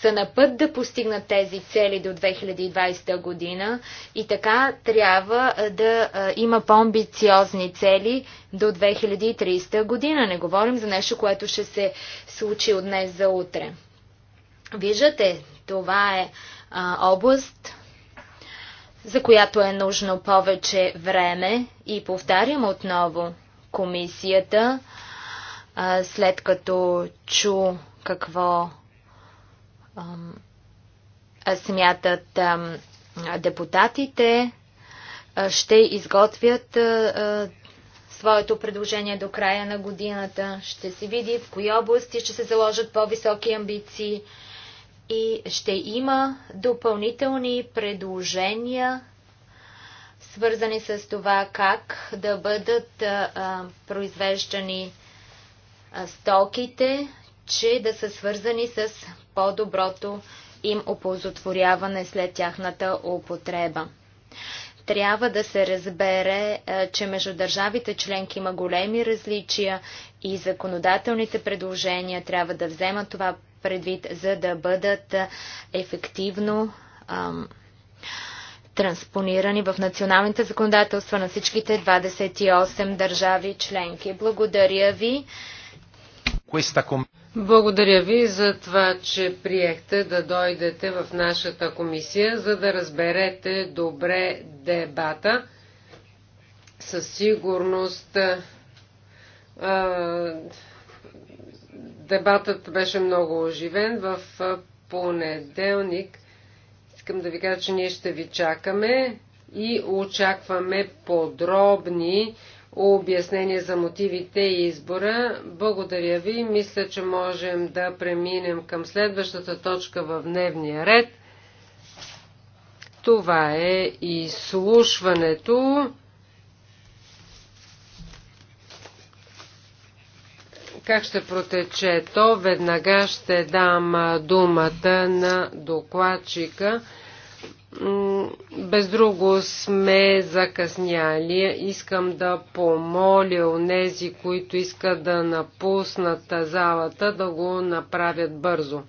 са на път да постигнат тези цели до 2020 година и така трябва да има по-амбициозни цели до 2030 година. Не говорим за нещо, което ще се случи от днес за утре. Виждате, това е а, област, за която е нужно повече време и повтарям отново комисията, а, след като чу какво смятат депутатите, ще изготвят своето предложение до края на годината, ще се види в кои области ще се заложат по-високи амбиции и ще има допълнителни предложения, свързани с това как да бъдат произвеждани стоките че да са свързани с по-доброто им оползотворяване след тяхната употреба. Трябва да се разбере, е, че между държавите членки има големи различия и законодателните предложения трябва да вземат това предвид, за да бъдат е, ефективно ам, транспонирани в националните законодателства на всичките 28 държави членки. Благодаря ви. Благодаря ви за това, че приехте да дойдете в нашата комисия, за да разберете добре дебата. Със сигурност а, дебатът беше много оживен. В понеделник искам да ви кажа, че ние ще ви чакаме и очакваме подробни обяснение за мотивите и избора. Благодаря ви. Мисля, че можем да преминем към следващата точка в дневния ред. Това е изслушването. Как ще протече то? Веднага ще дам думата на докладчика без друго сме закъсняли. Искам да помоля онези, които искат да напуснат залата, да го направят бързо.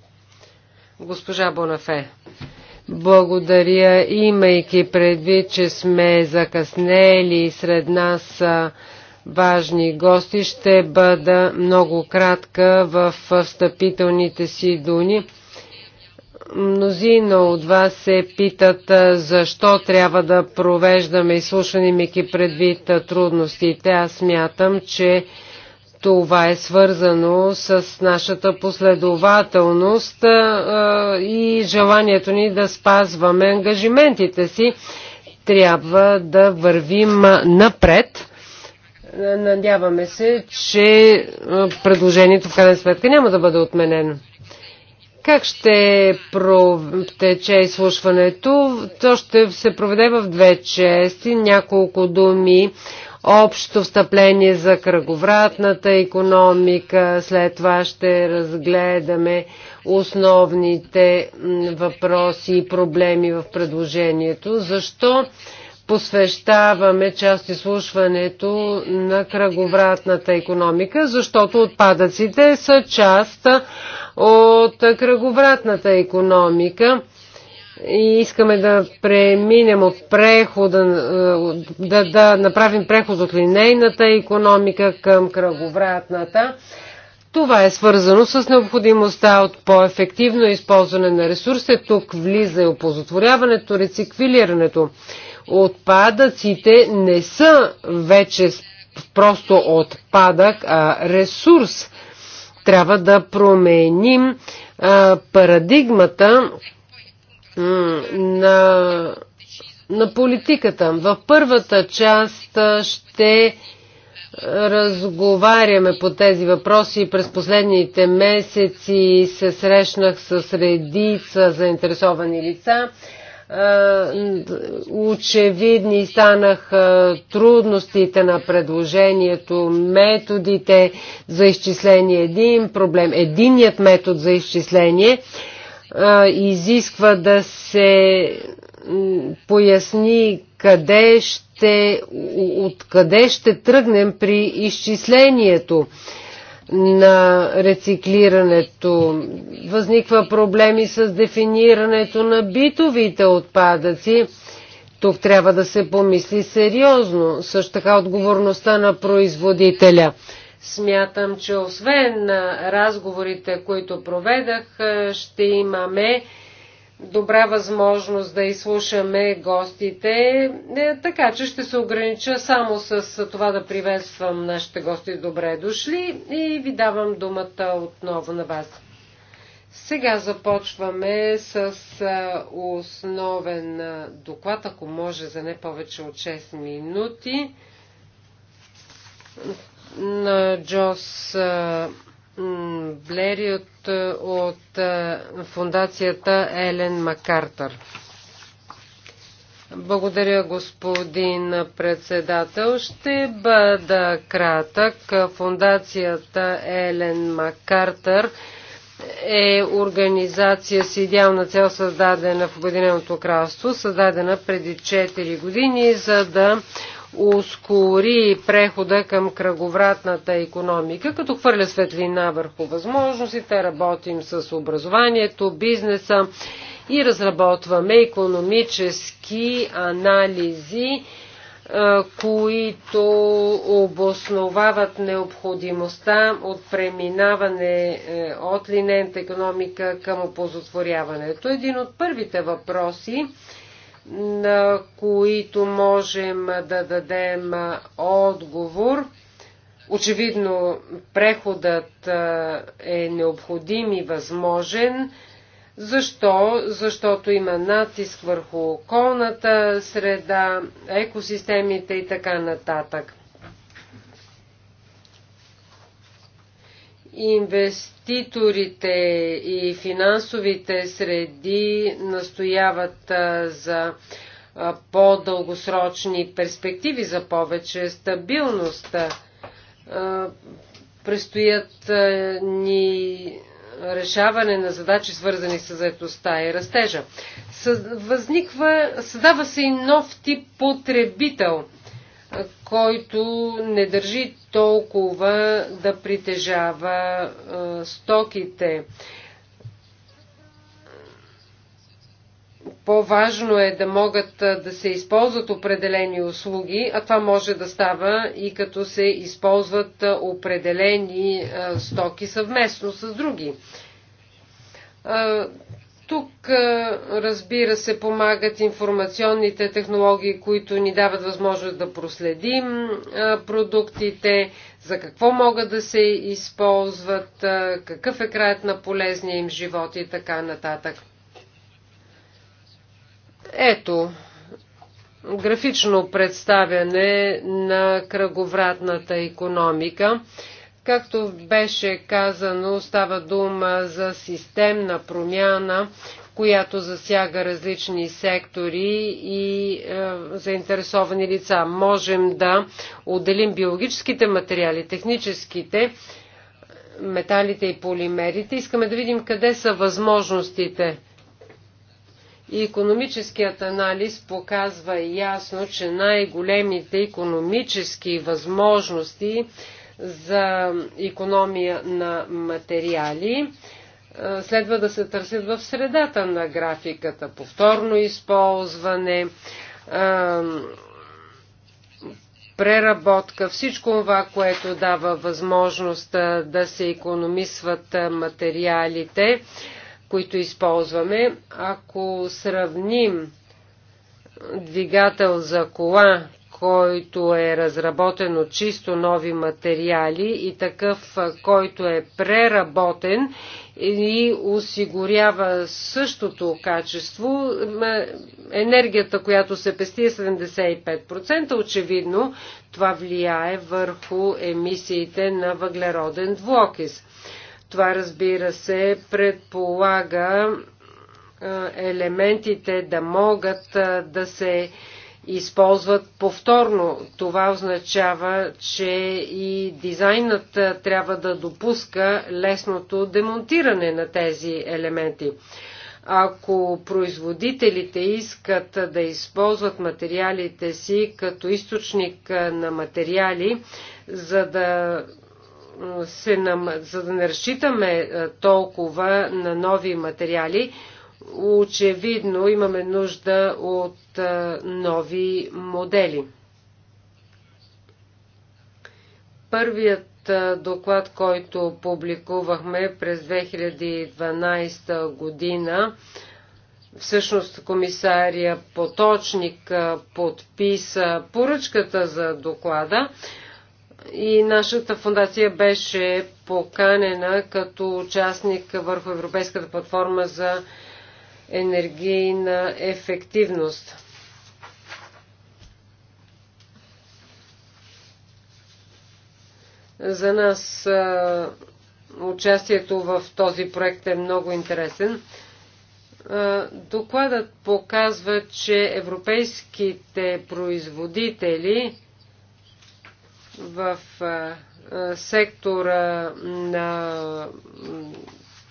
Госпожа Бонафе. Благодаря, имайки предвид, че сме закъснели сред нас важни гости, ще бъда много кратка в встъпителните си дуни. Мнозина от вас се питат защо трябва да провеждаме изслушване, имайки предвид трудностите. Аз мятам, че това е свързано с нашата последователност и желанието ни да спазваме ангажиментите си. Трябва да вървим напред. Надяваме се, че предложението в крайна сметка няма да бъде отменено. Как ще тече изслушването? То ще се проведе в две чести. Няколко думи общо встъпление за кръговратната економика. След това ще разгледаме основните въпроси и проблеми в предложението. Защо посвещаваме част изслушването на кръговратната економика? Защото отпадъците са част от кръговратната економика и искаме да преминем от прехода, е, да, да направим преход от линейната економика към кръговратната. Това е свързано с необходимостта от по-ефективно използване на ресурсите. Тук влиза и опозотворяването, рециквилирането. Отпадъците не са вече просто отпадък, а ресурс. Трябва да променим а, парадигмата на, на политиката. В първата част ще разговаряме по тези въпроси. През последните месеци се срещнах с редица заинтересовани лица. Е, очевидни станаха трудностите на предложението, методите за изчисление. Един проблем, единият метод за изчисление е, изисква да се поясни къде ще, откъде ще тръгнем при изчислението на рециклирането. Възниква проблеми с дефинирането на битовите отпадъци. Тук трябва да се помисли сериозно. Също така отговорността на производителя. Смятам, че освен на разговорите, които проведах, ще имаме добра възможност да изслушаме гостите, е, така че ще се огранича само с това да приветствам нашите гости добре дошли и ви давам думата отново на вас. Сега започваме с основен доклад, ако може за не повече от 6 минути на Джос Блериот от, от фундацията Елен Макартър. Благодаря, господин председател. Ще бъда кратък. Фундацията Елен Макартър е организация с идеална цел създадена в Обединеното кралство, създадена преди 4 години, за да ускори прехода към кръговратната економика, като хвърля светлина върху възможностите, работим с образованието, бизнеса и разработваме економически анализи, които обосновават необходимостта от преминаване е, от линейната економика към опозотворяването. Един от първите въпроси на които можем да дадем отговор. Очевидно, преходът е необходим и възможен. Защо? Защото има натиск върху околната среда, екосистемите и така нататък. Инвеститорите и финансовите среди настояват за по-дългосрочни перспективи за повече стабилност. Престоят ни решаване на задачи, свързани с заедостта и растежа. Възниква, създава се и нов тип потребител който не държи толкова да притежава стоките. По-важно е да могат да се използват определени услуги, а това може да става и като се използват определени стоки съвместно с други. Тук, разбира се, помагат информационните технологии, които ни дават възможност да проследим продуктите, за какво могат да се използват, какъв е краят на полезния им живот и така нататък. Ето, графично представяне на кръговратната економика. Както беше казано, става дума за системна промяна, която засяга различни сектори и е, заинтересовани лица. Можем да отделим биологическите материали, техническите, металите и полимерите. Искаме да видим къде са възможностите. И економическият анализ показва ясно, че най-големите економически възможности за економия на материали е, следва да се търсят в средата на графиката. Повторно използване, е, преработка, всичко това, което дава възможност е, да се економисват материалите, които използваме. Ако сравним двигател за кола който е разработен от чисто нови материали и такъв, който е преработен и осигурява същото качество, е, енергията, която се пести е 75%. Очевидно това влияе върху емисиите на въглероден двуокис. Това разбира се предполага елементите да могат да се използват повторно. Това означава, че и дизайнът трябва да допуска лесното демонтиране на тези елементи. Ако производителите искат да използват материалите си като източник на материали, за да, се, за да не разчитаме толкова на нови материали, Очевидно имаме нужда от нови модели. Първият доклад, който публикувахме през 2012 година, всъщност комисария Поточник подписа поръчката за доклада и нашата фундация беше поканена като участник върху Европейската платформа за енергийна ефективност. За нас участието в този проект е много интересен. Докладът показва, че европейските производители в сектора на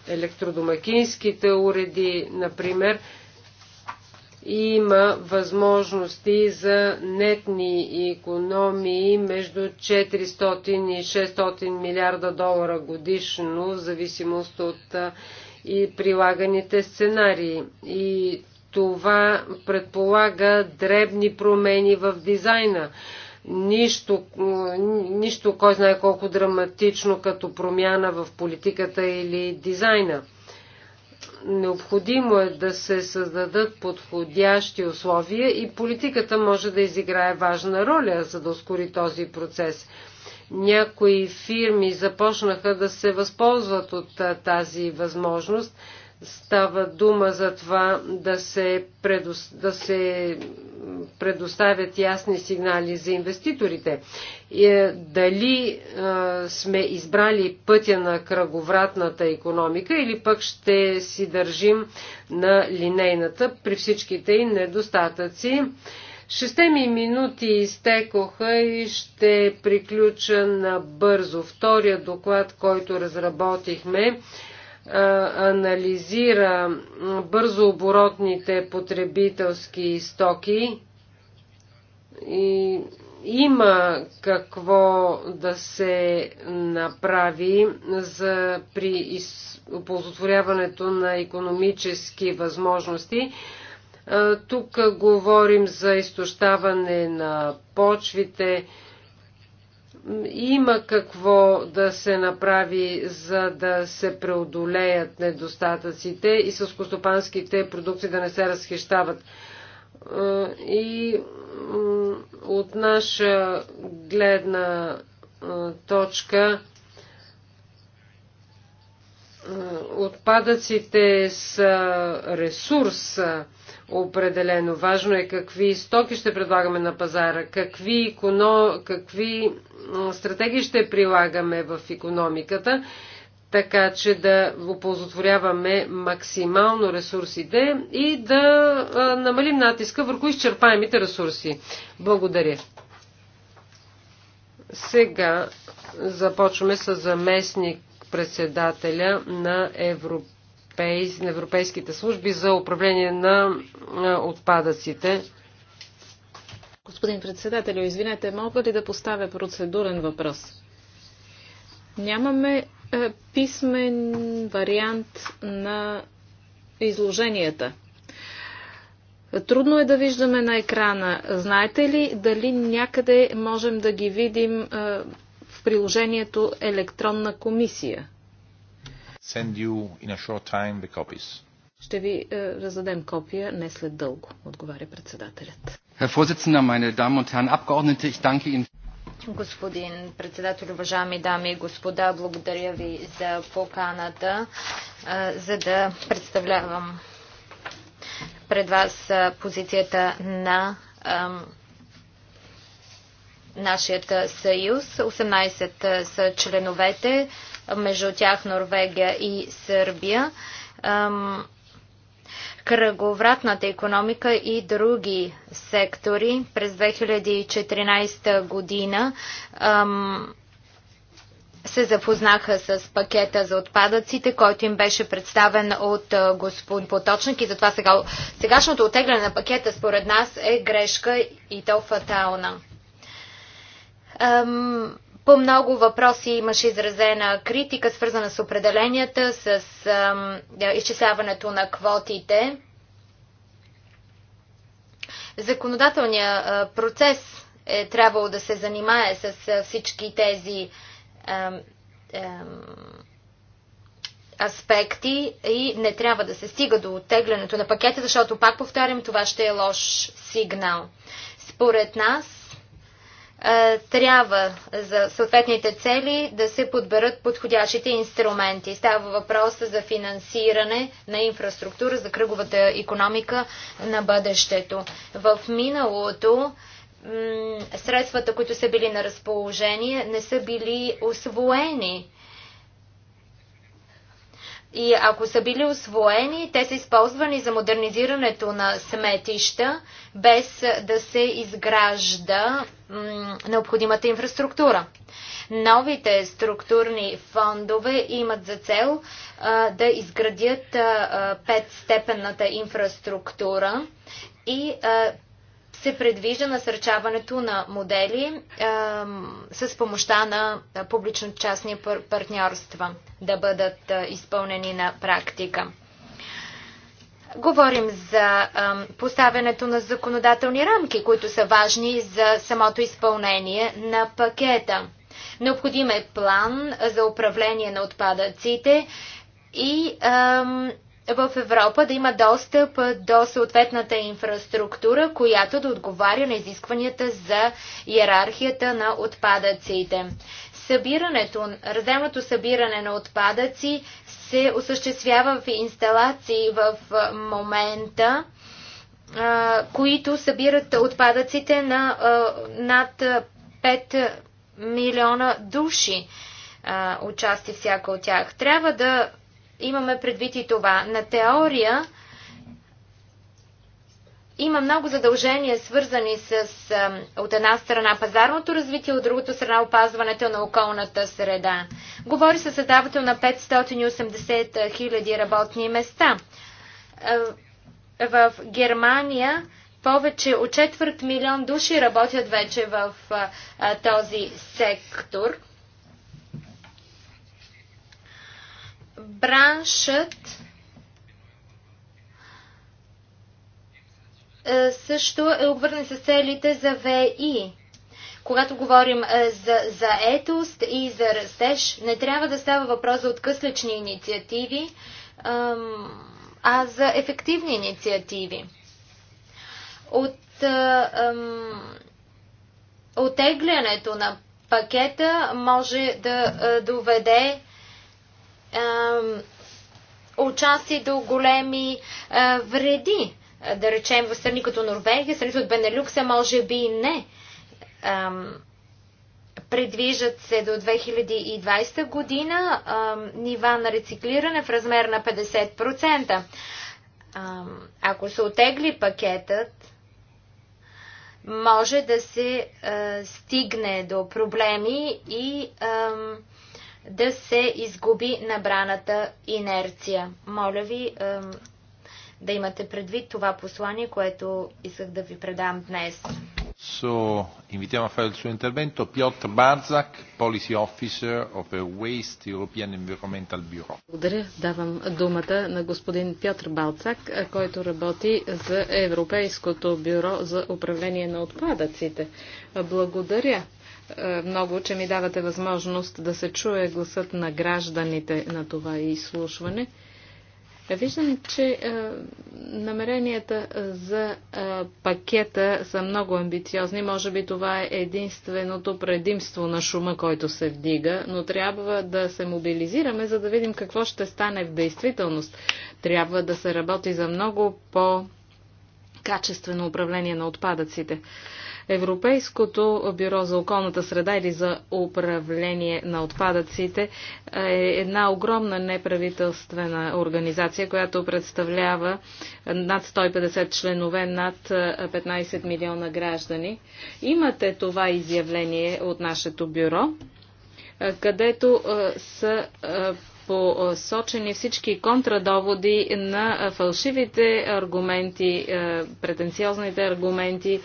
електродомакинските уреди, например, има възможности за нетни економии между 400 и 600 милиарда долара годишно, в зависимост от и прилаганите сценарии. И това предполага дребни промени в дизайна нищо, нищо кой знае колко драматично като промяна в политиката или дизайна. Необходимо е да се създадат подходящи условия и политиката може да изиграе важна роля, за да ускори този процес. Някои фирми започнаха да се възползват от тази възможност, Става дума за това да се, предо... да се предоставят ясни сигнали за инвеститорите. И, е, дали а, е, сме избрали пътя на кръговратната економика или пък ще си държим на линейната при всичките и недостатъци. Шесте ми минути изтекоха и ще приключа на бързо. Втория доклад, който разработихме, анализира бързо оборотните потребителски стоки и има какво да се направи за при оползотворяването на економически възможности. Тук говорим за изтощаване на почвите, има какво да се направи, за да се преодолеят недостатъците и сълскостопанските продукти да не се разхищават. Е, и от наша гледна е, точка е, отпадъците са ресурс, определено. Важно е какви стоки ще предлагаме на пазара, какви, иконо, какви стратегии ще прилагаме в економиката, така че да оползотворяваме максимално ресурсите и да намалим натиска върху изчерпаемите ресурси. Благодаря. Сега започваме с заместник председателя на Европейския европейс, на европейските служби за управление на отпадъците. Господин председател, извинете, мога ли да поставя процедурен въпрос? Нямаме е, писмен вариант на изложенията. Трудно е да виждаме на екрана. Знаете ли дали някъде можем да ги видим е, в приложението електронна комисия? Send you in a short time the copies. Ще ви е, раздадем копия не след дълго, отговаря председателят. Herr Vorsitzender, meine Damen und Herren Abgeordnete, ich danke Ihnen. Господин председател, уважаеми дами и господа, благодаря ви за поканата, е, за да представлявам пред вас е, позицията на нашият съюз. 18 е, са членовете между тях Норвегия и Сърбия, кръговратната економика и други сектори. През 2014 година се запознаха с пакета за отпадъците, който им беше представен от господин Поточник и затова сега, сегашното отегляне на пакета според нас е грешка и то фатална. По много въпроси имаше изразена критика, свързана с определенията, с изчисляването на квотите. Законодателният процес е трябвало да се занимае с всички тези аспекти и не трябва да се стига до оттеглянето на пакета, защото, пак повтарям, това ще е лош сигнал. Според нас е, трябва за съответните цели да се подберат подходящите инструменти. Става въпрос за финансиране на инфраструктура за кръговата економика на бъдещето. В миналото средствата, които са били на разположение, не са били освоени и ако са били освоени, те са използвани за модернизирането на сметища, без да се изгражда необходимата инфраструктура. Новите структурни фондове имат за цел а, да изградят петстепенната инфраструктура и а, се предвижда насърчаването на модели с помощта на публично-частни партньорства да бъдат изпълнени на практика. Говорим за поставянето на законодателни рамки, които са важни за самото изпълнение на пакета. Необходим е план за управление на отпадъците и в Европа да има достъп до съответната инфраструктура, която да отговаря на изискванията за иерархията на отпадъците. Събирането, разделното събиране на отпадъци се осъществява в инсталации в момента, които събират отпадъците на над 5 милиона души участи всяка от тях. Трябва да имаме предвид и това. На теория има много задължения, свързани с, от една страна, пазарното развитие, от другата страна, опазването на околната среда. Говори се създавател на 580 хиляди работни места. Е, в Германия повече от четвърт милион души работят вече в този сектор – браншът е, също е обвързан с целите за ВИ. Когато говорим е, за заетост и за растеж, не трябва да става въпрос за откъслични инициативи, а за ефективни инициативи. От е, отеглянето на пакета може да доведе участие до големи вреди. да речем в страни като Норвегия, страни от Бенелюкса, може би и не. предвижат се до 2020 година нива на рециклиране в размер на 50%. ако се отегли пакетът, може да се стигне до проблеми и да се изгуби набраната инерция. Моля ви е, да имате предвид това послание, което исках да ви предам днес. So, invitiamo a fare il suo intervento Piotr Barzak, Policy Officer of the Waste European Environmental Bureau. Благодаря. Давам думата на господин Пьотър Балцак, който работи за Европейското бюро за управление на отпадъците. Благодаря. Е, много, че ми давате възможност да се чуе гласът на гражданите на това изслушване. Виждам, че е, намеренията е, за пакета са много амбициозни. Може би това е единственото предимство на шума, който се вдига, но трябва да се мобилизираме, за да видим какво ще стане в действителност. Трябва да се работи за много по-качествено управление на отпадъците. Европейското бюро за околната среда или за управление на отпадъците е една огромна неправителствена организация, която представлява над 150 членове, над 15 милиона граждани. Имате това изявление от нашето бюро, където е, са е, посочени всички контрадоводи на фалшивите аргументи, претенциозните аргументи,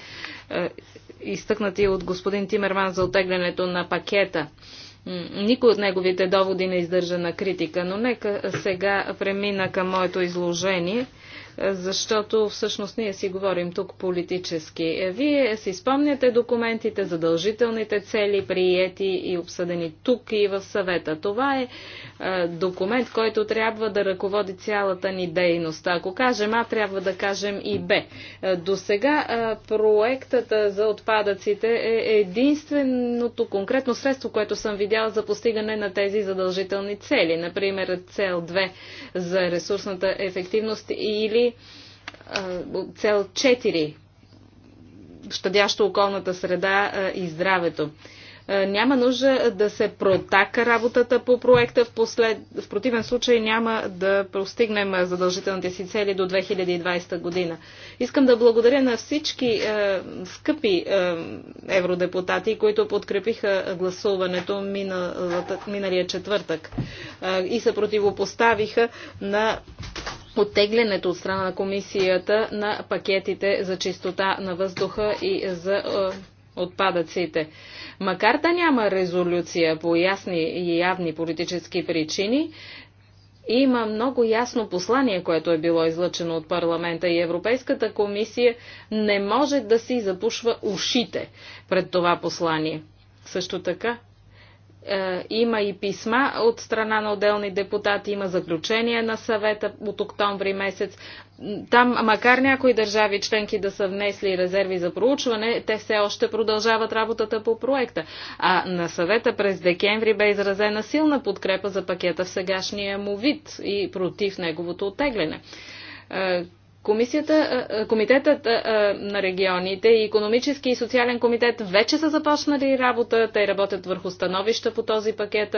изтъкнати от господин Тимерман за отеглянето на пакета. Никой от неговите доводи не издържа на критика, но нека сега премина към моето изложение – защото всъщност ние си говорим тук политически. Вие си спомняте документите, задължителните цели, приети и обсъдени тук и в съвета. Това е, е документ, който трябва да ръководи цялата ни дейност. Ако кажем А, трябва да кажем и Б. Е, до сега е, проектът за отпадъците е единственото конкретно средство, което съм видяла за постигане на тези задължителни цели. Например, цел 2 за ресурсната ефективност или цел 4, щадящо околната среда и здравето. Е, няма нужда да се протака работата по проекта. В, послед... в противен случай няма да постигнем задължителните си цели до 2020 година. Искам да благодаря на всички е, скъпи е, евродепутати, които подкрепиха гласуването миналата... миналия четвъртък е, и се противопоставиха на оттеглянето от страна на комисията на пакетите за чистота на въздуха и за. Е, отпадъците. Макар да няма резолюция по ясни и явни политически причини, има много ясно послание, което е било излъчено от парламента и Европейската комисия не може да си запушва ушите пред това послание. Също така е, има и писма от страна на отделни депутати, има заключение на съвета от октомври месец. Там, макар някои държави членки да са внесли резерви за проучване, те все още продължават работата по проекта. А на съвета през декември бе изразена силна подкрепа за пакета в сегашния му вид и против неговото отегляне е, Комисията, комитетът на регионите и економически и социален комитет вече са започнали работа. Те работят върху становища по този пакет.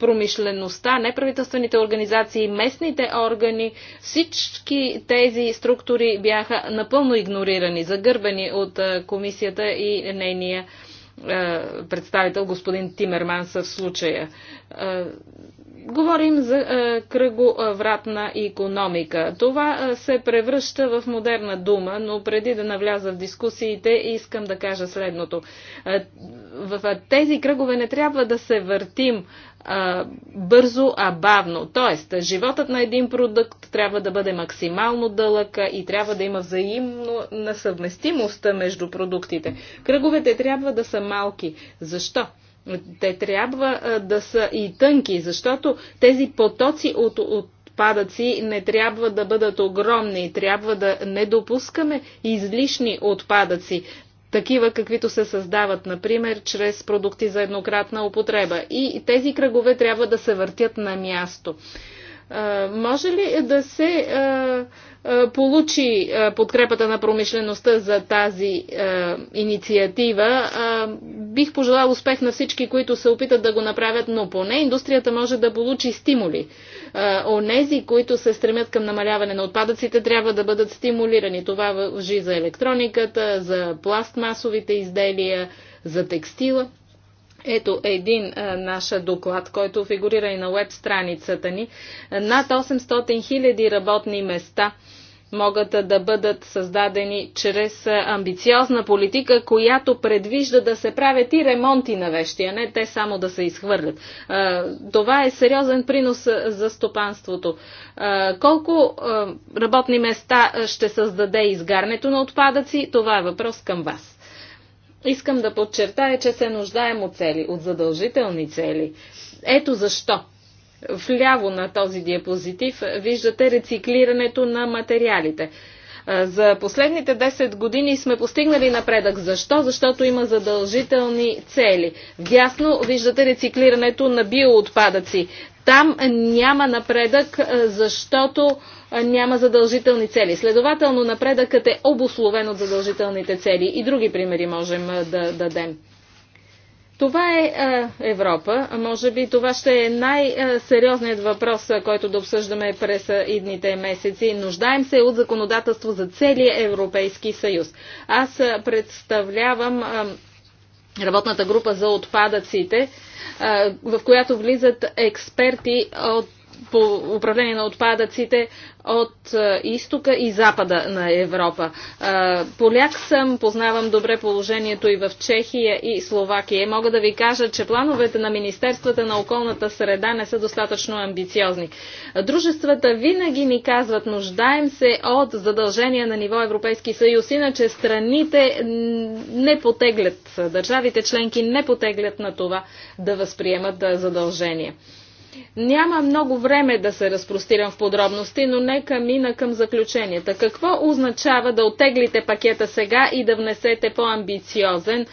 Промишлеността, неправителствените организации, местните органи, всички тези структури бяха напълно игнорирани, загърбени от комисията и нейния представител господин Тимерман в случая. Говорим за е, кръговратна економика. Това е, се превръща в модерна дума, но преди да навляза в дискусиите, искам да кажа следното. Е, в, тези кръгове не трябва да се въртим е, бързо, а бавно. Тоест, животът на един продукт трябва да бъде максимално дълъг и трябва да има взаимно на съвместимостта между продуктите. Кръговете трябва да са малки. Защо? Те трябва да са и тънки, защото тези потоци от, отпадъци не трябва да бъдат огромни, трябва да не допускаме излишни отпадъци, такива каквито се създават, например, чрез продукти за еднократна употреба. И тези кръгове трябва да се въртят на място. Може ли да се получи подкрепата на промишлеността за тази инициатива? Бих пожелал успех на всички, които се опитат да го направят, но поне индустрията може да получи стимули. Онези, които се стремят към намаляване на отпадъците, трябва да бъдат стимулирани. Това въжи за електрониката, за пластмасовите изделия, за текстила. Ето един е, наш доклад, който фигурира и на веб страницата ни. Над 800 000 работни места могат да бъдат създадени чрез е, амбициозна политика, която предвижда да се правят и ремонти на вещи, а не те само да се изхвърлят. Е, това е сериозен принос за стопанството. Колко работни места ще създаде изгарнето на отпадъци, това е въпрос към вас. Искам да подчертая, че се нуждаем от цели, от задължителни цели. Ето защо. Вляво на този диапозитив виждате рециклирането на материалите. За последните 10 години сме постигнали напредък. Защо? Защото има задължителни цели. Вясно виждате рециклирането на биоотпадъци. Там няма напредък, защото няма задължителни цели. Следователно, напредъкът е обословен от задължителните цели. И други примери можем да дадем. Това е Европа. Може би това ще е най-сериозният въпрос, който да обсъждаме през идните месеци. Нуждаем се от законодателство за целия Европейски съюз. Аз представлявам работната група за отпадъците, в която влизат експерти от по управление на отпадъците от е, изтока и запада на Европа. Е, поляк съм, познавам добре положението и в Чехия и Словакия. Мога да ви кажа, че плановете на Министерствата на околната среда не са достатъчно амбициозни. Дружествата винаги ни казват, нуждаем се от задължения на ниво Европейски съюз, иначе страните не потеглят, държавите членки не потеглят на това да възприемат задължения. Няма много време да се разпростирам в подробности, но нека мина към заключенията. Какво означава да отеглите пакета сега и да внесете по-амбициозен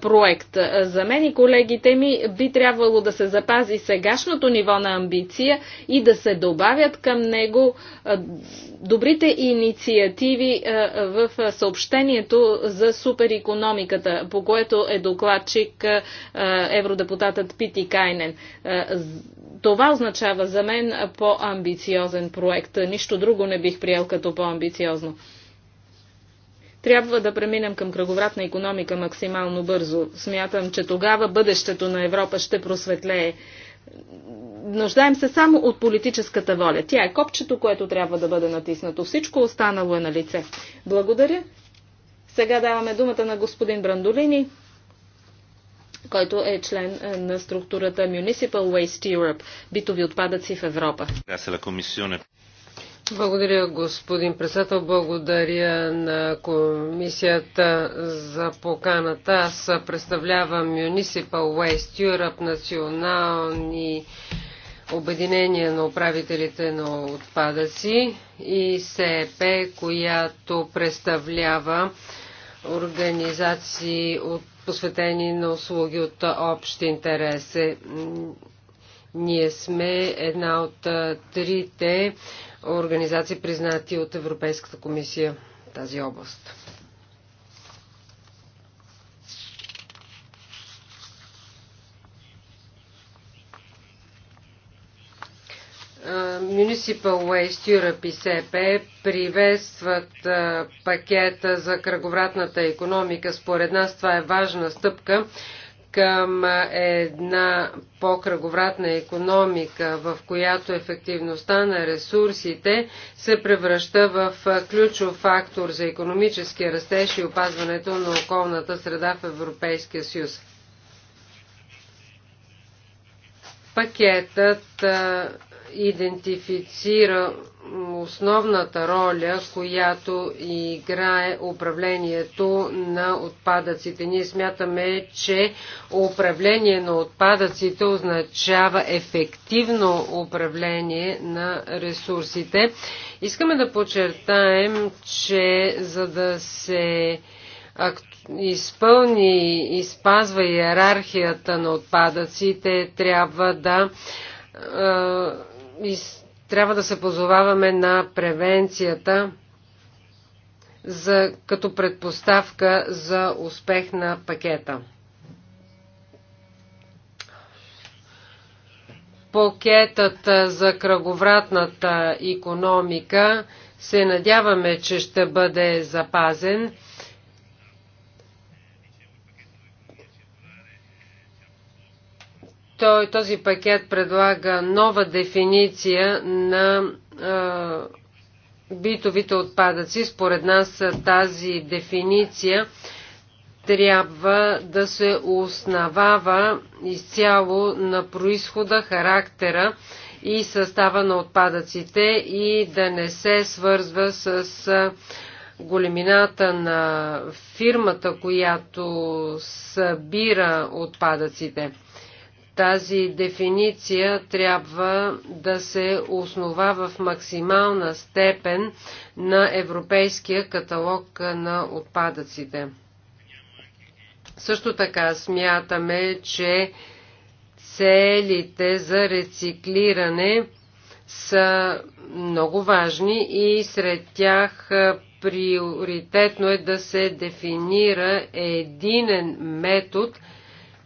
проект? За мен и колегите ми би трябвало да се запази сегашното ниво на амбиция и да се добавят към него добрите инициативи в съобщението за суперекономиката, по което е докладчик евродепутатът Пити Кайнен това означава за мен по-амбициозен проект. Нищо друго не бих приел като по-амбициозно. Трябва да преминем към кръговратна економика максимално бързо. Смятам, че тогава бъдещето на Европа ще просветлее. Нуждаем се само от политическата воля. Тя е копчето, което трябва да бъде натиснато. Всичко останало е на лице. Благодаря. Сега даваме думата на господин Брандолини който е член е, на структурата Municipal Waste Europe, битови отпадъци в Европа. Е Благодаря, господин председател. Благодаря на комисията за поканата. Аз представлявам Municipal Waste Europe, национални обединения на управителите на отпадъци и СЕП, която представлява организации от посветени на услуги от общ интерес. Е, ние сме една от трите организации, признати от Европейската комисия в тази област. Municipal Waste Europe и СЕПЕ приветстват пакета за кръговратната економика. Според нас това е важна стъпка към една по-кръговратна економика, в която ефективността на ресурсите се превръща в ключов фактор за економически растеж и опазването на околната среда в Европейския съюз. Пакетът идентифицира основната роля, която играе управлението на отпадъците. Ние смятаме, че управление на отпадъците означава ефективно управление на ресурсите. Искаме да подчертаем, че за да се изпълни и спазва иерархията на отпадъците, трябва да и трябва да се позоваваме на превенцията за, като предпоставка за успех на пакета. Пакетът за кръговратната економика се надяваме, че ще бъде запазен Той, този пакет предлага нова дефиниция на е, битовите отпадъци. Според нас тази дефиниция трябва да се основава изцяло на происхода, характера и състава на отпадъците и да не се свързва с големината на фирмата, която събира отпадъците. Тази дефиниция трябва да се основа в максимална степен на Европейския каталог на отпадъците. Също така смятаме, че целите за рециклиране са много важни и сред тях приоритетно е да се дефинира единен метод –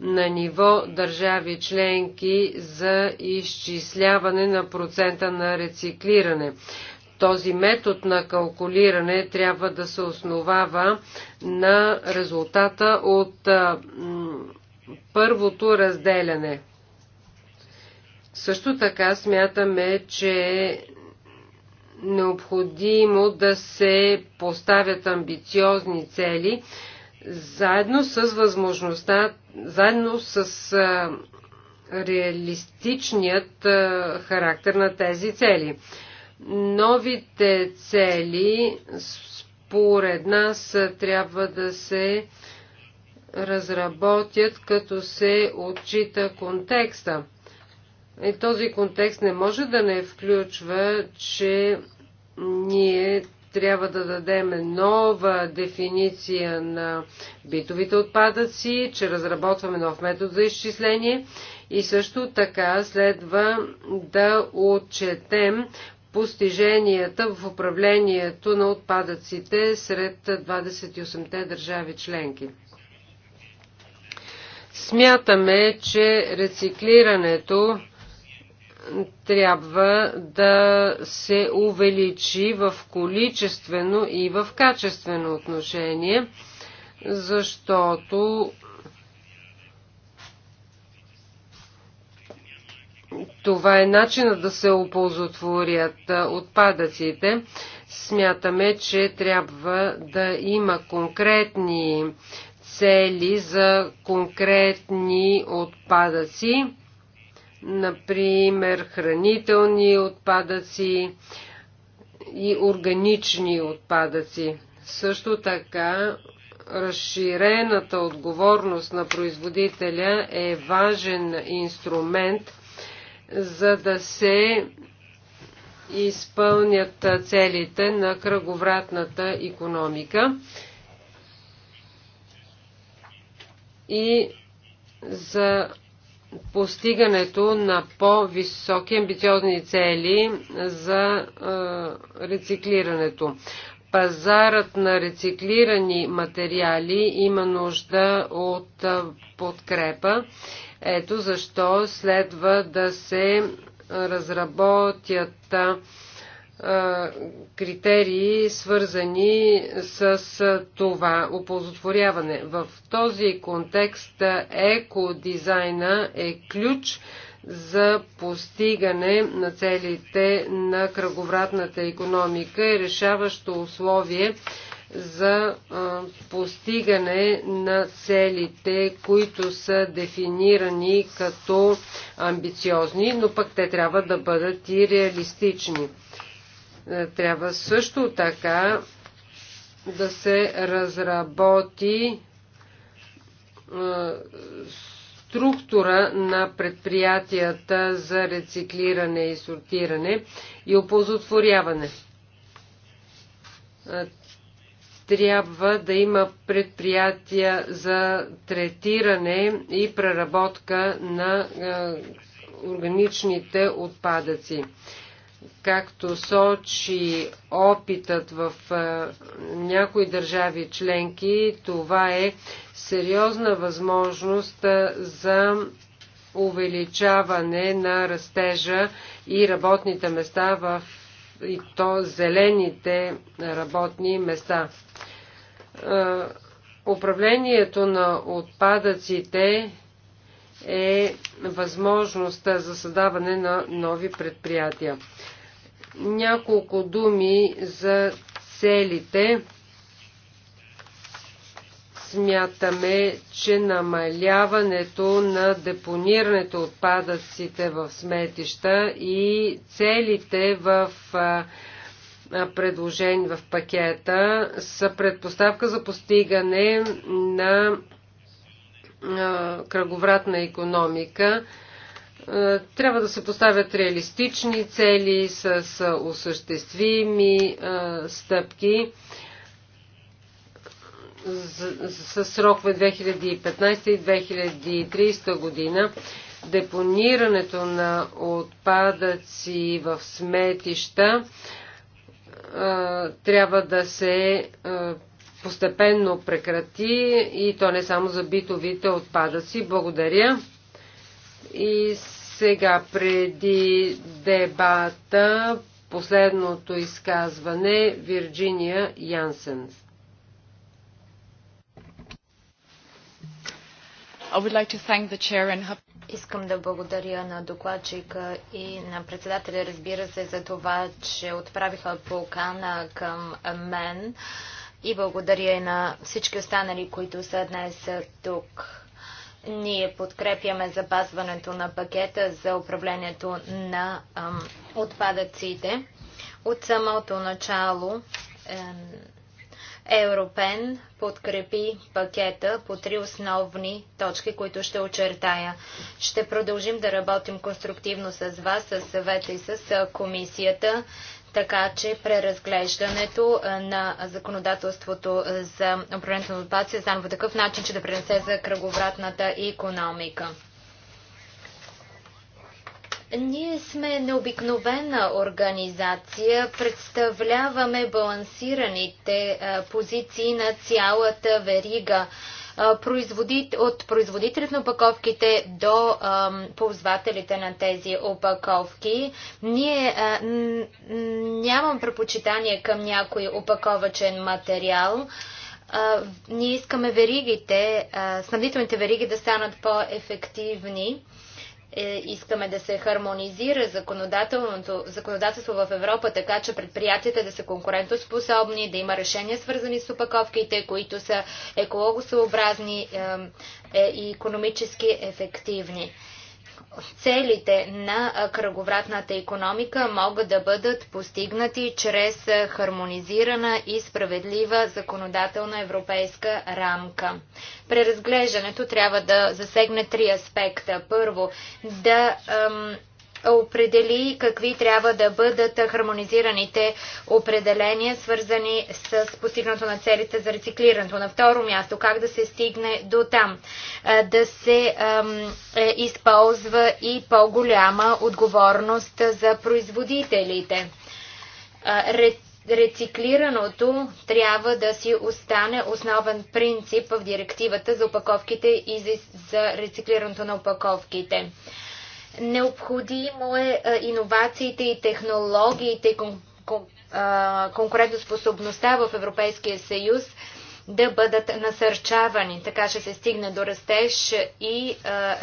на ниво държави членки за изчисляване на процента на рециклиране. Този метод на калкулиране трябва да се основава на резултата от първото разделяне. Също така смятаме, че е необходимо да се поставят амбициозни цели, заедно с възможността, заедно с а, реалистичният а, характер на тези цели. Новите цели, според нас, трябва да се разработят, като се отчита контекста. И този контекст не може да не включва, че ние трябва да дадем нова дефиниция на битовите отпадъци, че разработваме нов метод за изчисление и също така следва да отчетем постиженията в управлението на отпадъците сред 28-те държави членки. Смятаме, че рециклирането трябва да се увеличи в количествено и в качествено отношение, защото това е начинът да се оползотворят отпадъците. Смятаме, че трябва да има конкретни цели за конкретни отпадъци например хранителни отпадъци и органични отпадъци. Също така разширената отговорност на производителя е важен инструмент, за да се изпълнят целите на кръговратната економика и за постигането на по-високи амбициозни цели за рециклирането. Пазарът на рециклирани материали има нужда от подкрепа. Ето защо следва да се разработят критерии, свързани с това оползотворяване. В този контекст екодизайна е ключ за постигане на целите на кръговратната економика и решаващо условие за постигане на целите, които са дефинирани като амбициозни, но пък те трябва да бъдат и реалистични. Е, трябва също така да се разработи е, структура на предприятията за рециклиране и сортиране и оползотворяване. Е, трябва да има предприятия за третиране и преработка на органичните отпадъци както сочи опитът в някои държави членки, това е сериозна възможност за увеличаване на растежа и работните места в и то зелените работни места. Управлението на отпадъците е възможността за създаване на нови предприятия. Няколко думи за целите. Смятаме, че намаляването на депонирането отпадъците в сметища и целите в предложение в пакета са предпоставка за постигане на кръговратна економика. Е, трябва да се поставят реалистични цели с осъществими е, стъпки с срокове 2015 и 2030 година. Депонирането на отпадъци в сметища е, трябва да се постепенно прекрати и то не само за битовите отпадъци. Благодаря. И сега, преди дебата, последното изказване Вирджиния Янсен. Like Искам да благодаря на докладчика и на председателя, разбира се, за това, че отправиха покана към мен и благодаря и на всички останали, които са днес тук. Ние подкрепяме запазването на пакета за управлението на ам, отпадъците. От самото начало Европен подкрепи пакета по три основни точки, които ще очертая. Ще продължим да работим конструктивно с вас, с съвета и с комисията така че преразглеждането на законодателството за управлението на отпадъци е по такъв начин, че да пренесе за кръговратната економика. Ние сме необикновена организация, представляваме балансираните позиции на цялата верига от производителите на опаковките до ползвателите на тези опаковки. Ние нямам предпочитание към някой опаковачен материал. ние искаме веригите, снабдителните вериги да станат по-ефективни е, искаме да се хармонизира законодателното, законодателство в Европа, така че предприятията да са конкурентоспособни, да има решения свързани с опаковките, които са екологосъобразни е, е, и економически ефективни. Целите на кръговратната економика могат да бъдат постигнати чрез хармонизирана и справедлива законодателна европейска рамка. Преразглеждането трябва да засегне три аспекта. Първо, да ем, определи какви трябва да бъдат хармонизираните определения, свързани с постигнато на целите за рециклирането. На второ място, как да се стигне до там? Да се е, използва и по-голяма отговорност за производителите. Рециклирането рециклираното трябва да си остане основен принцип в директивата за, опаковките и за рециклирането на опаковките. Необходимо е иновациите и технологиите и конкурентоспособността в Европейския съюз да бъдат насърчавани. Така ще се стигне до растеж и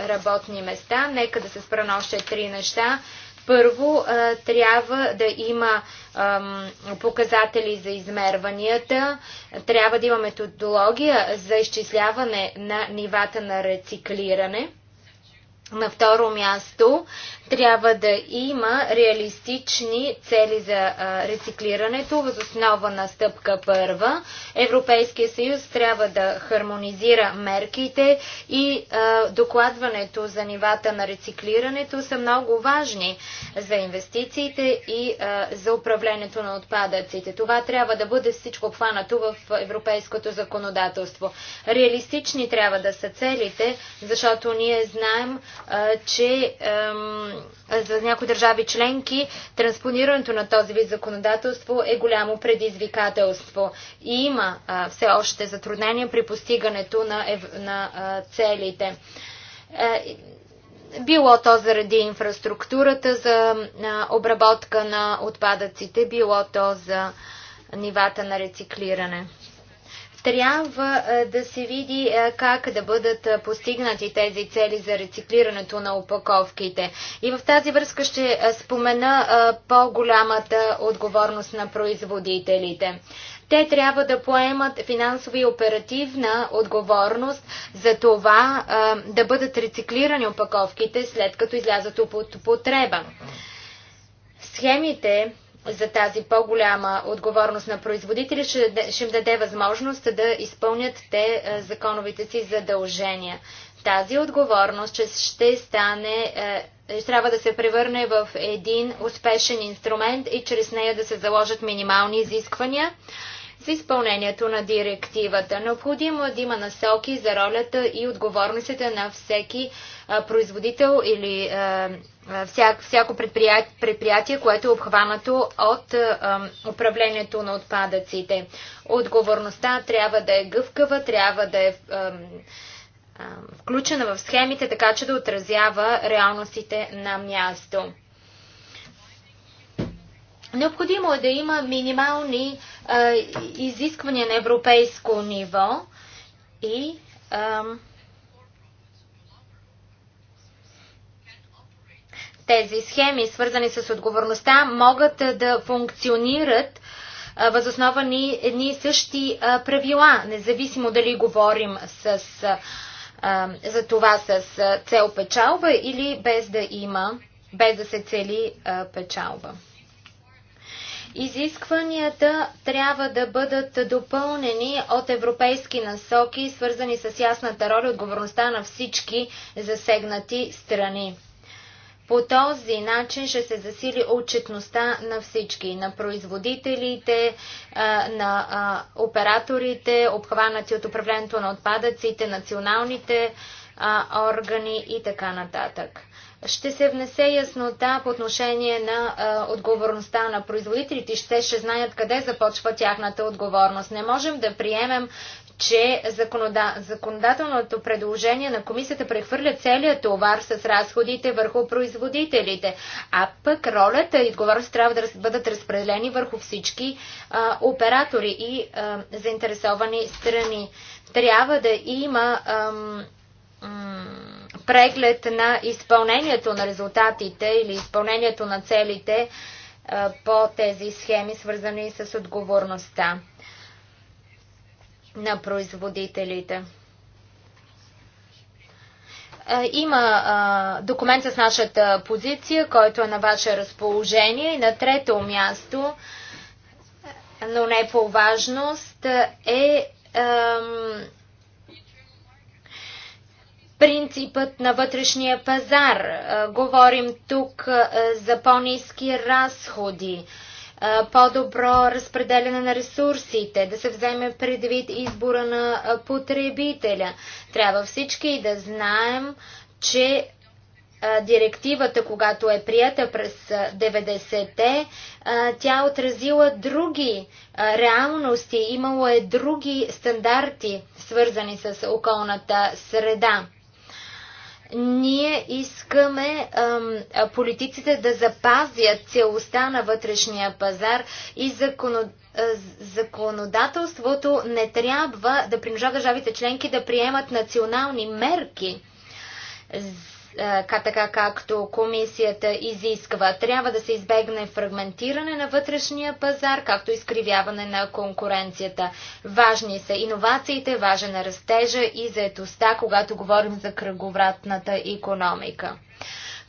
работни места. Нека да се спра на още три неща. Първо, трябва да има показатели за измерванията, трябва да има методология за изчисляване на нивата на рециклиране. На второ място трябва да има реалистични цели за рециклирането въз основа на стъпка първа. Европейския съюз трябва да хармонизира мерките и докладването за нивата на рециклирането са много важни за инвестициите и за управлението на отпадъците. Това трябва да бъде всичко обхванато в европейското законодателство. Реалистични трябва да са целите, защото ние знаем, че за някои държави членки транспонирането на този вид законодателство е голямо предизвикателство и има все още затруднения при постигането на, на целите. Било то заради инфраструктурата за обработка на отпадъците, било то за нивата на рециклиране. Трябва е, да се види е, как да бъдат е, постигнати тези цели за рециклирането на упаковките. И в тази връзка ще спомена по-голямата отговорност на производителите. Те трябва да поемат финансова и оперативна отговорност за това да бъдат рециклирани опаковките след като излязат от употреба. Схемите за тази по-голяма отговорност на производители ще, им даде възможност да изпълнят те е, законовите си задължения. Тази отговорност ще, ще стане, е, трябва да се превърне в един успешен инструмент и чрез нея да се заложат минимални изисквания за изпълнението на директивата. Необходимо е да има насоки за ролята и отговорностите на всеки е, производител или всяко, всяко предприятие, предприятие, което е обхванато от а, управлението на отпадъците. Отговорността трябва да е гъвкава, трябва да е а, а, включена в схемите, така че да отразява реалностите на място. Необходимо е да има минимални изисквания на европейско ниво и тези схеми, свързани с отговорността, могат да функционират възоснова ни едни и същи правила, независимо дали говорим с, за това с цел печалба или без да има, без да се цели печалба. Изискванията трябва да бъдат допълнени от европейски насоки, свързани с ясната роля и отговорността на всички засегнати страни. По този начин ще се засили отчетността на всички, на производителите, на операторите, обхванати от управлението на отпадъците, националните органи и така нататък. Ще се внесе яснота по отношение на а, отговорността на производителите. Ще ще знаят къде започва тяхната отговорност. Не можем да приемем, че законодателното предложение на комисията прехвърля целият товар с разходите върху производителите, а пък ролята и отговорност трябва да бъдат разпределени върху всички а, оператори и а, заинтересовани страни. Трябва да има ам, ам, преглед на изпълнението на резултатите или изпълнението на целите а, по тези схеми, свързани с отговорността на производителите. Е, има документ с нашата позиция, който е на ваше разположение. И на трето място, но не по важност, е принципът на вътрешния пазар. Е, говорим тук е, за по-низки разходи по-добро разпределяне на ресурсите, да се вземе предвид избора на потребителя. Трябва всички да знаем, че директивата, когато е прията през 90-те, тя отразила други реалности, имало е други стандарти, свързани с околната среда. Ние искаме ам, политиците да запазят целостта на вътрешния пазар и законодателството законодателството не трябва да принуждава държавите членки да приемат национални мерки е, така както комисията изисква. Трябва да се избегне фрагментиране на вътрешния пазар, както изкривяване на конкуренцията. Важни са иновациите, важен е растежа и заетостта, когато говорим за кръговратната економика.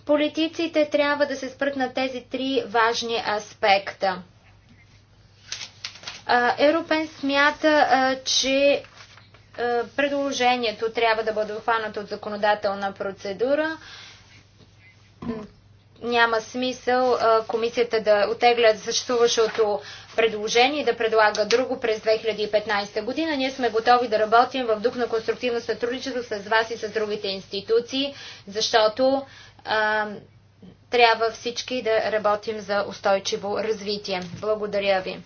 Политиците трябва да се спрат на тези три важни аспекта. Е, Европен смята, е, че е, предложението трябва да бъде обхванато от законодателна процедура. Няма смисъл е, комисията да отегля съществуващото предложение и да предлага друго през 2015 година. Ние сме готови да работим в дух на конструктивно сътрудничество с вас и с другите институции, защото а, е, трябва всички да работим за устойчиво развитие. Благодаря ви.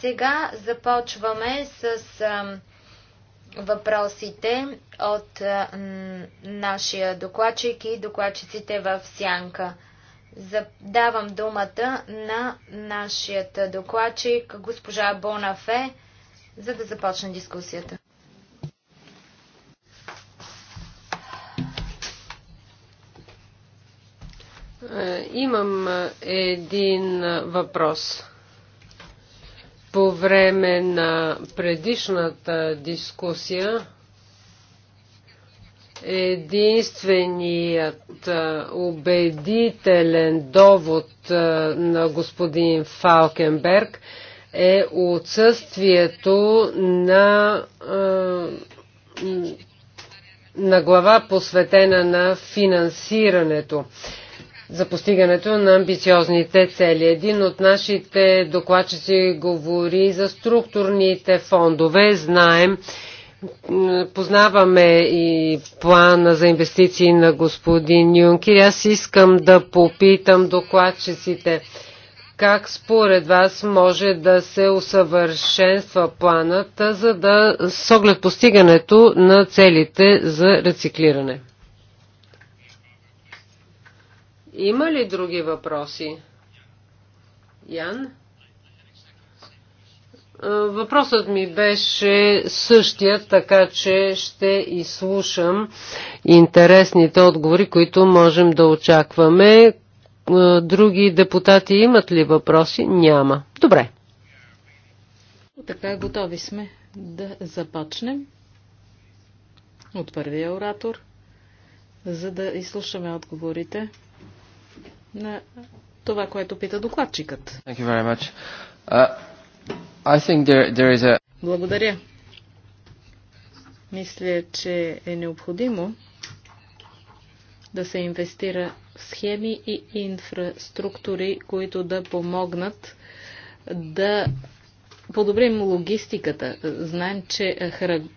Сега започваме с а, въпросите от нашия докладчик и докладчиците в Сянка. Давам думата на нашият докладчик, госпожа Бонафе, за да започне дискусията. Е, имам един въпрос. По време на предишната дискусия единственият убедителен довод на господин Фалкенберг е отсъствието на, на глава посветена на финансирането за постигането на амбициозните цели. Един от нашите докладчици говори за структурните фондове. Знаем, познаваме и плана за инвестиции на господин Юнкер. Аз искам да попитам докладчиците как според вас може да се усъвършенства планата, за да с оглед постигането на целите за рециклиране. Има ли други въпроси? Ян? Въпросът ми беше същия, така че ще изслушам интересните отговори, които можем да очакваме. Други депутати имат ли въпроси? Няма. Добре. Така, готови сме да започнем от първия оратор, за да изслушаме отговорите на това, което пита докладчикът. Uh, there, there a... Благодаря. Мисля, че е необходимо да се инвестира в схеми и инфраструктури, които да помогнат да подобрим логистиката. Знаем, че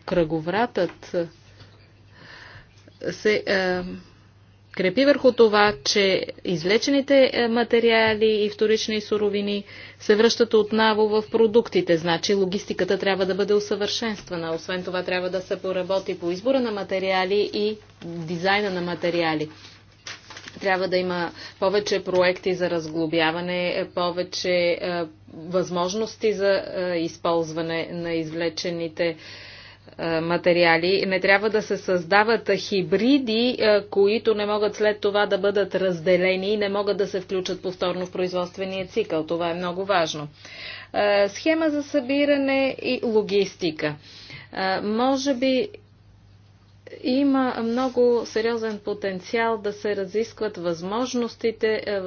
кръговратът се е, крепи върху това, че излечените е, материали и вторични суровини се връщат отново в продуктите. Значи логистиката трябва да бъде усъвършенствана. Освен това трябва да се поработи по избора на материали и дизайна на материали. Трябва да има повече проекти за разглобяване, е, повече е, възможности за използване на извлечените материали е, материали. Не трябва да се създават хибриди, е, които не могат след това да бъдат разделени и не могат да се включат повторно в производствения цикъл. Това е много важно. Е, схема за събиране и логистика. Може би има много сериозен потенциал да се разискват възможностите,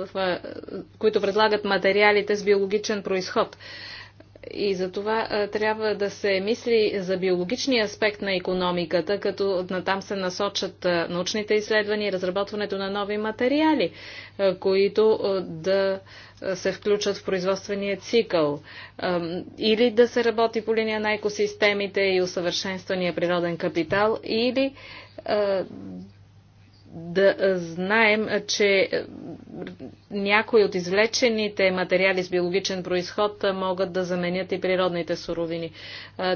които предлагат материалите с биологичен происход. И за това трябва да се мисли за биологичния аспект на економиката, като натам се насочат научните изследвания и разработването на нови материали, които да се включат в производствения цикъл. Или да се работи по линия на екосистемите и усъвършенствания природен капитал, или да знаем, че някои от извлечените материали с биологичен происход могат да заменят и природните суровини.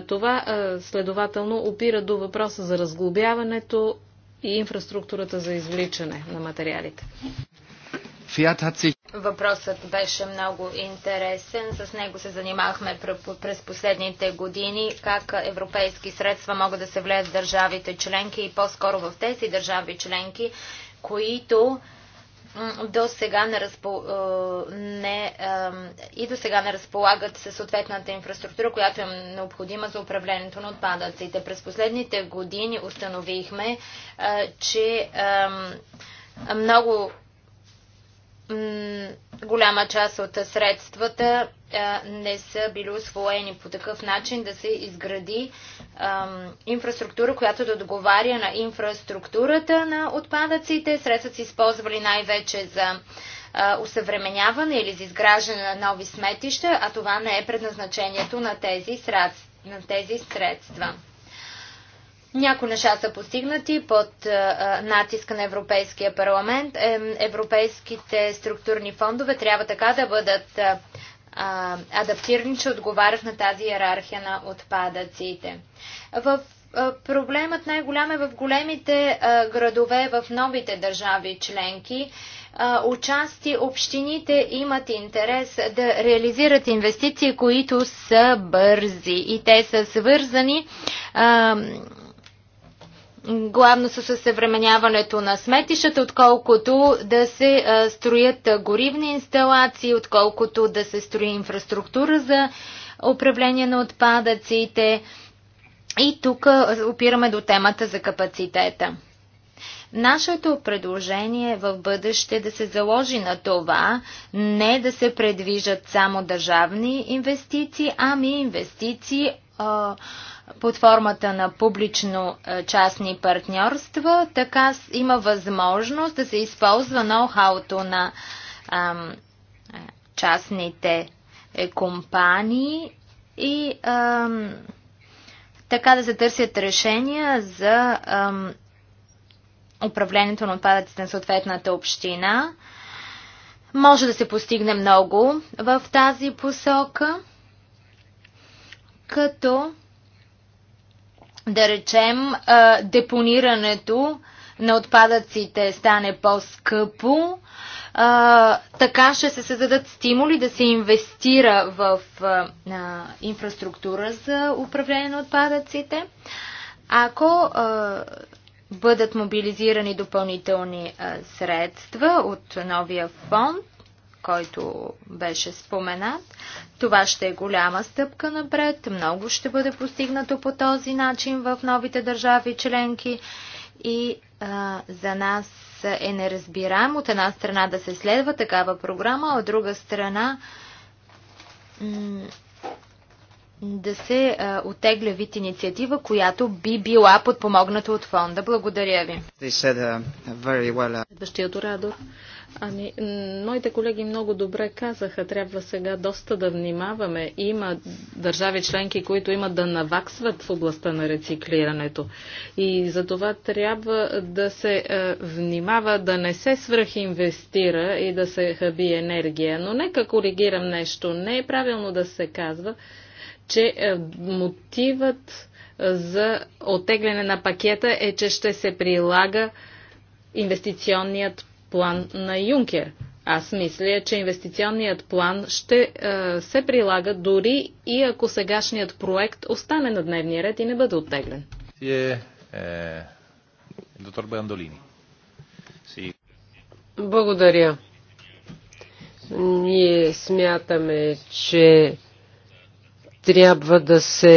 Това следователно опира до въпроса за разглобяването и инфраструктурата за извличане на материалите. Въпросът беше много интересен. С него се занимахме през последните години, как европейски средства могат да се влеят в държавите членки и по-скоро в тези държави членки, които до сега не, разпо... Е, не, е, и до сега не разполагат със съответната инфраструктура, която е необходима за управлението на отпадъците. През последните години установихме, е, че много голяма част от средствата не са били освоени по такъв начин да се изгради инфраструктура, която да договаря на инфраструктурата на отпадъците. Средствата са използвали най-вече за усъвременяване или за изграждане на нови сметища, а това не е предназначението на тези средства. Някои неща са постигнати под натиска на Европейския парламент. Европейските структурни фондове трябва така да бъдат адаптирани, че отговарят на тази иерархия на отпадъците. В Проблемът най-голям е в големите градове, в новите държави членки. Участи общините имат интерес да реализират инвестиции, които са бързи и те са свързани главно с съвременяването на сметищата, отколкото да се строят горивни инсталации, отколкото да се строи инфраструктура за управление на отпадъците. И тук опираме до темата за капацитета. Нашето предложение е в бъдеще да се заложи на това, не да се предвижат само държавни инвестиции, ами инвестиции а, под формата на публично-частни партньорства. Така има възможност да се използва ноу-хауто на ам, частните е, компании и ам, така да се търсят решения за ам, управлението на отпадъците на съответната община. Може да се постигне много в тази посока, като да речем, депонирането на отпадъците стане по-скъпо, така ще се създадат стимули да се инвестира в инфраструктура за управление на отпадъците. Ако бъдат мобилизирани допълнителни средства от новия фонд, който беше споменат. Това ще е голяма стъпка напред, много ще бъде постигнато по този начин в новите държави членки и а, за нас е неразбираем от една страна да се следва такава програма, а от друга страна да се а, отегля вид инициатива, която би била подпомогната от фонда. Благодаря ви. Uh, uh, Следващият орадор. Ами, моите колеги много добре казаха, трябва сега доста да внимаваме. Има държави членки, които имат да наваксват в областта на рециклирането. И за това трябва да се е, внимава, да не се свръхинвестира и да се хаби енергия. Но нека коригирам нещо. Не е правилно да се казва, че е, мотивът е, за отегляне на пакета е, че ще се прилага инвестиционният план на Юнкер. Аз мисля, че инвестиционният план ще е, се прилага дори и ако сегашният проект остане на дневния ред и не бъде оттеглен. Е, е, доктор Бандолини. Си. Благодаря. Ние смятаме, че трябва да се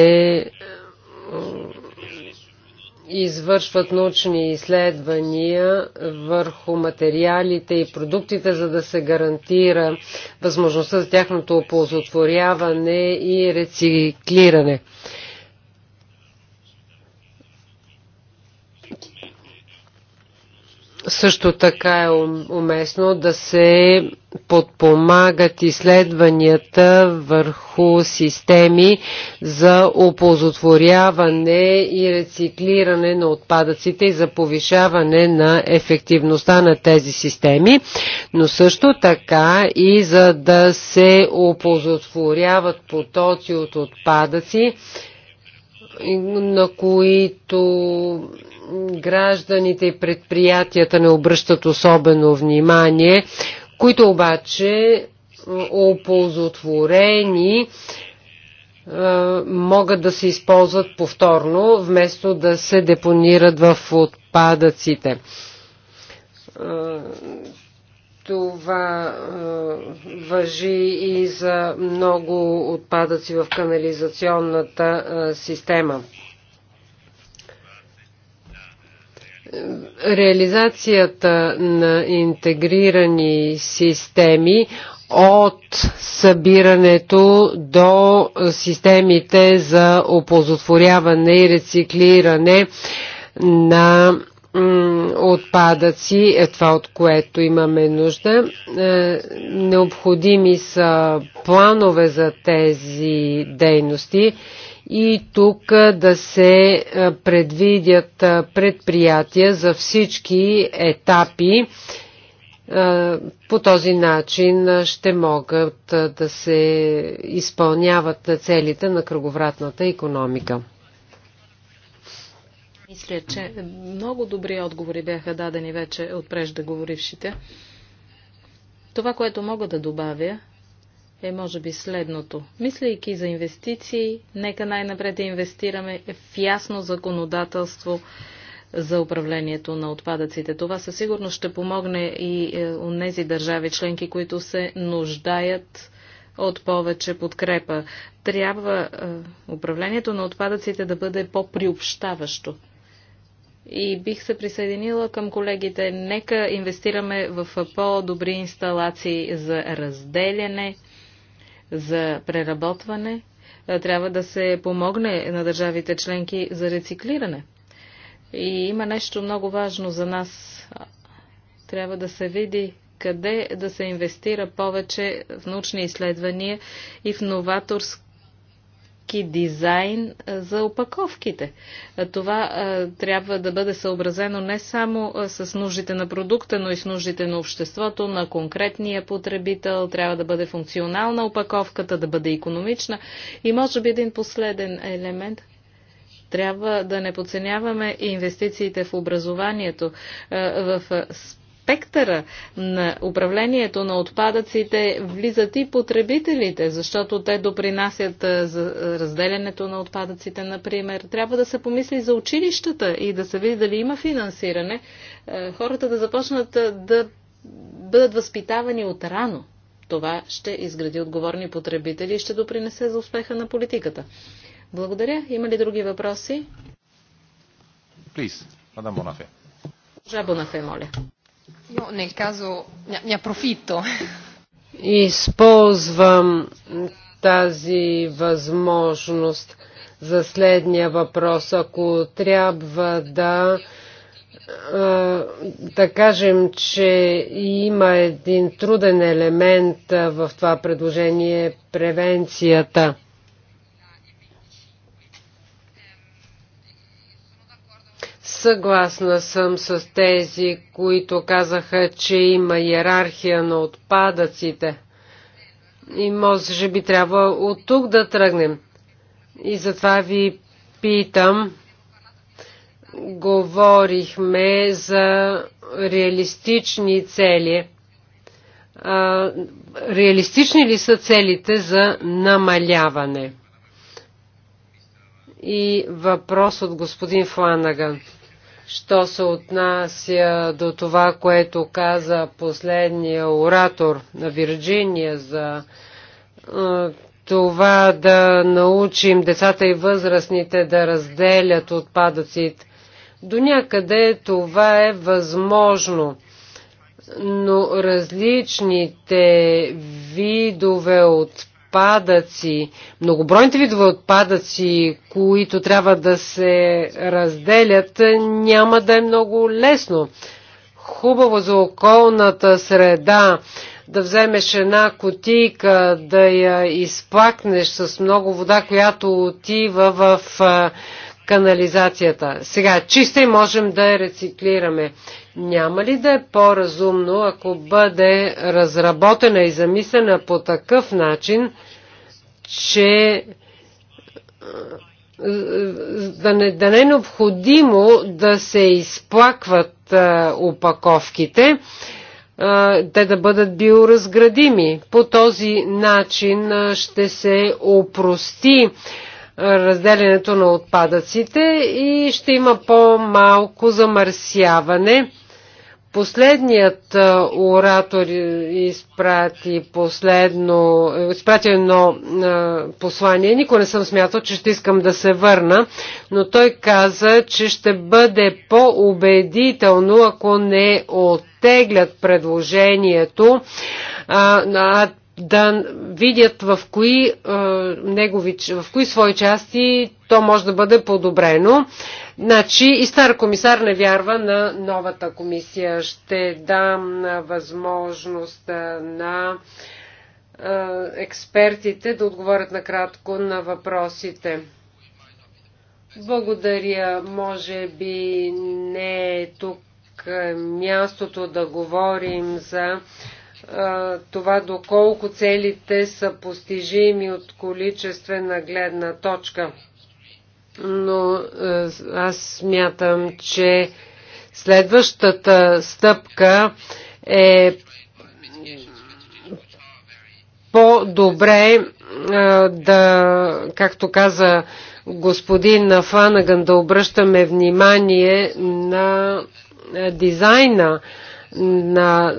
извършват научни изследвания върху материалите и продуктите, за да се гарантира възможността за тяхното оползотворяване и рециклиране. Също така е уместно да се подпомагат изследванията върху системи за оползотворяване и рециклиране на отпадъците и за повишаване на ефективността на тези системи, но също така и за да се оползотворяват потоци от отпадъци, на които гражданите и предприятията не обръщат особено внимание, които обаче оползотворени е, могат да се използват повторно, вместо да се депонират в отпадъците. Е, това е, въжи и за много отпадъци в канализационната система. реализацията на интегрирани системи от събирането до системите за оползотворяване и рециклиране на отпадъци е това, от което имаме нужда. Е, необходими са планове за тези дейности и тук да се предвидят предприятия за всички етапи. По този начин ще могат да се изпълняват целите на кръговратната економика. Мисля, че много добри отговори бяха дадени вече от преждеговорившите. Това, което мога да добавя, е може би следното. Мислейки за инвестиции, нека най-напред да инвестираме в ясно законодателство за управлението на отпадъците. Това със сигурност ще помогне и е, у нези държави членки, които се нуждаят от повече подкрепа. Трябва е, управлението на отпадъците да бъде по-приобщаващо. И бих се присъединила към колегите. Нека инвестираме в по-добри инсталации за разделяне за преработване, трябва да се помогне на държавите членки за рециклиране. И има нещо много важно за нас. Трябва да се види къде да се инвестира повече в научни изследвания и в новаторски европейски дизайн за опаковките. Това трябва да бъде съобразено не само с нуждите на продукта, но и с нуждите на обществото, на конкретния потребител. Трябва да бъде функционална опаковката, да бъде економична. И може би един последен елемент трябва да не подценяваме инвестициите в образованието. В спектъра на управлението на отпадъците влизат и потребителите, защото те допринасят за разделянето на отпадъците, например. Трябва да се помисли за училищата и да се види дали има финансиране, хората да започнат да бъдат възпитавани от рано. Това ще изгради отговорни потребители и ще допринесе за успеха на политиката. Благодаря. Има ли други въпроси? Please, мадам Бонафе. Жа Бонафе, моля. Използвам тази възможност за следния въпрос. Ако трябва да да кажем, че има един труден елемент в това предложение превенцията – Съгласна съм с тези, които казаха, че има иерархия на отпадъците. И може би трябва от тук да тръгнем. И затова ви питам, говорихме за реалистични цели. А, реалистични ли са целите за намаляване? И въпрос от господин Фланаган. Що се отнася до това, което каза последния оратор на Вирджиния за това да научим децата и възрастните да разделят отпадъците. До някъде това е възможно, но различните видове от отпадъци, многобройните видове отпадъци, които трябва да се разделят, няма да е много лесно. Хубаво за околната среда да вземеш една котика, да я изплакнеш с много вода, която отива в канализацията. Сега чиста и можем да я рециклираме. Няма ли да е по-разумно, ако бъде разработена и замислена по такъв начин, че да не, да не е необходимо да се изплакват а, упаковките, а, те да бъдат биоразградими. По този начин а, ще се опрости разделянето на отпадъците и ще има по-малко замърсяване. Последният оратор изпрати последно, изпрати едно послание. Никой не съм смятал, че ще искам да се върна, но той каза, че ще бъде по-убедително, ако не оттеглят предложението, а, а да видят в кои, е, негови, в кои свои части то може да бъде подобрено. Значи и стар комисар не вярва на новата комисия. Ще дам възможност на експертите да отговорят накратко на въпросите. Благодаря. Може би не е тук мястото да говорим за това доколко целите са постижими от количествена гледна точка. Но аз смятам, че следващата стъпка е по-добре да, както каза господин Фанаган, да обръщаме внимание на дизайна на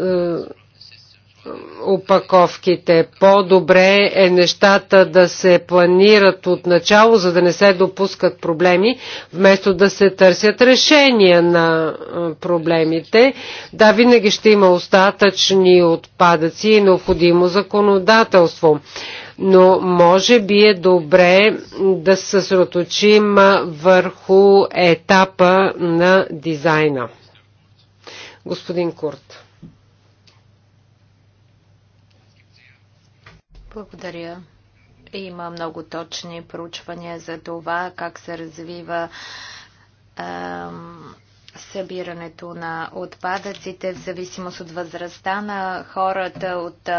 опаковките. По-добре е нещата да се планират от начало, за да не се допускат проблеми, вместо да се търсят решения на проблемите. Да, винаги ще има остатъчни отпадъци и необходимо законодателство. Но може би е добре да се съсредоточим върху етапа на дизайна. Господин Курт. Благодаря. Има много точни проучвания за това как се развива ем, събирането на отпадъците в зависимост от възрастта на хората, от е,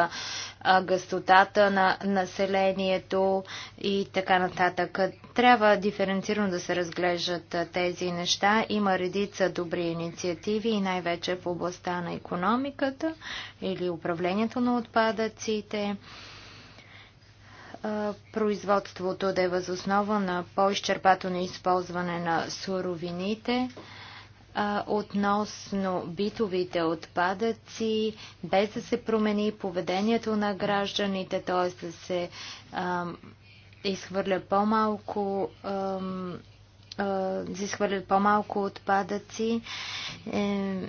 гъстотата на населението и така нататък. Трябва диференцирано да се разглеждат тези неща. Има редица добри инициативи и най-вече в областта на економиката или управлението на отпадъците производството да е възоснова на по-изчерпателно използване на суровините, относно битовите отпадъци, без да се промени поведението на гражданите, т.е. да се изхвърля по-малко се изхвърлят по-малко отпадъци. Е,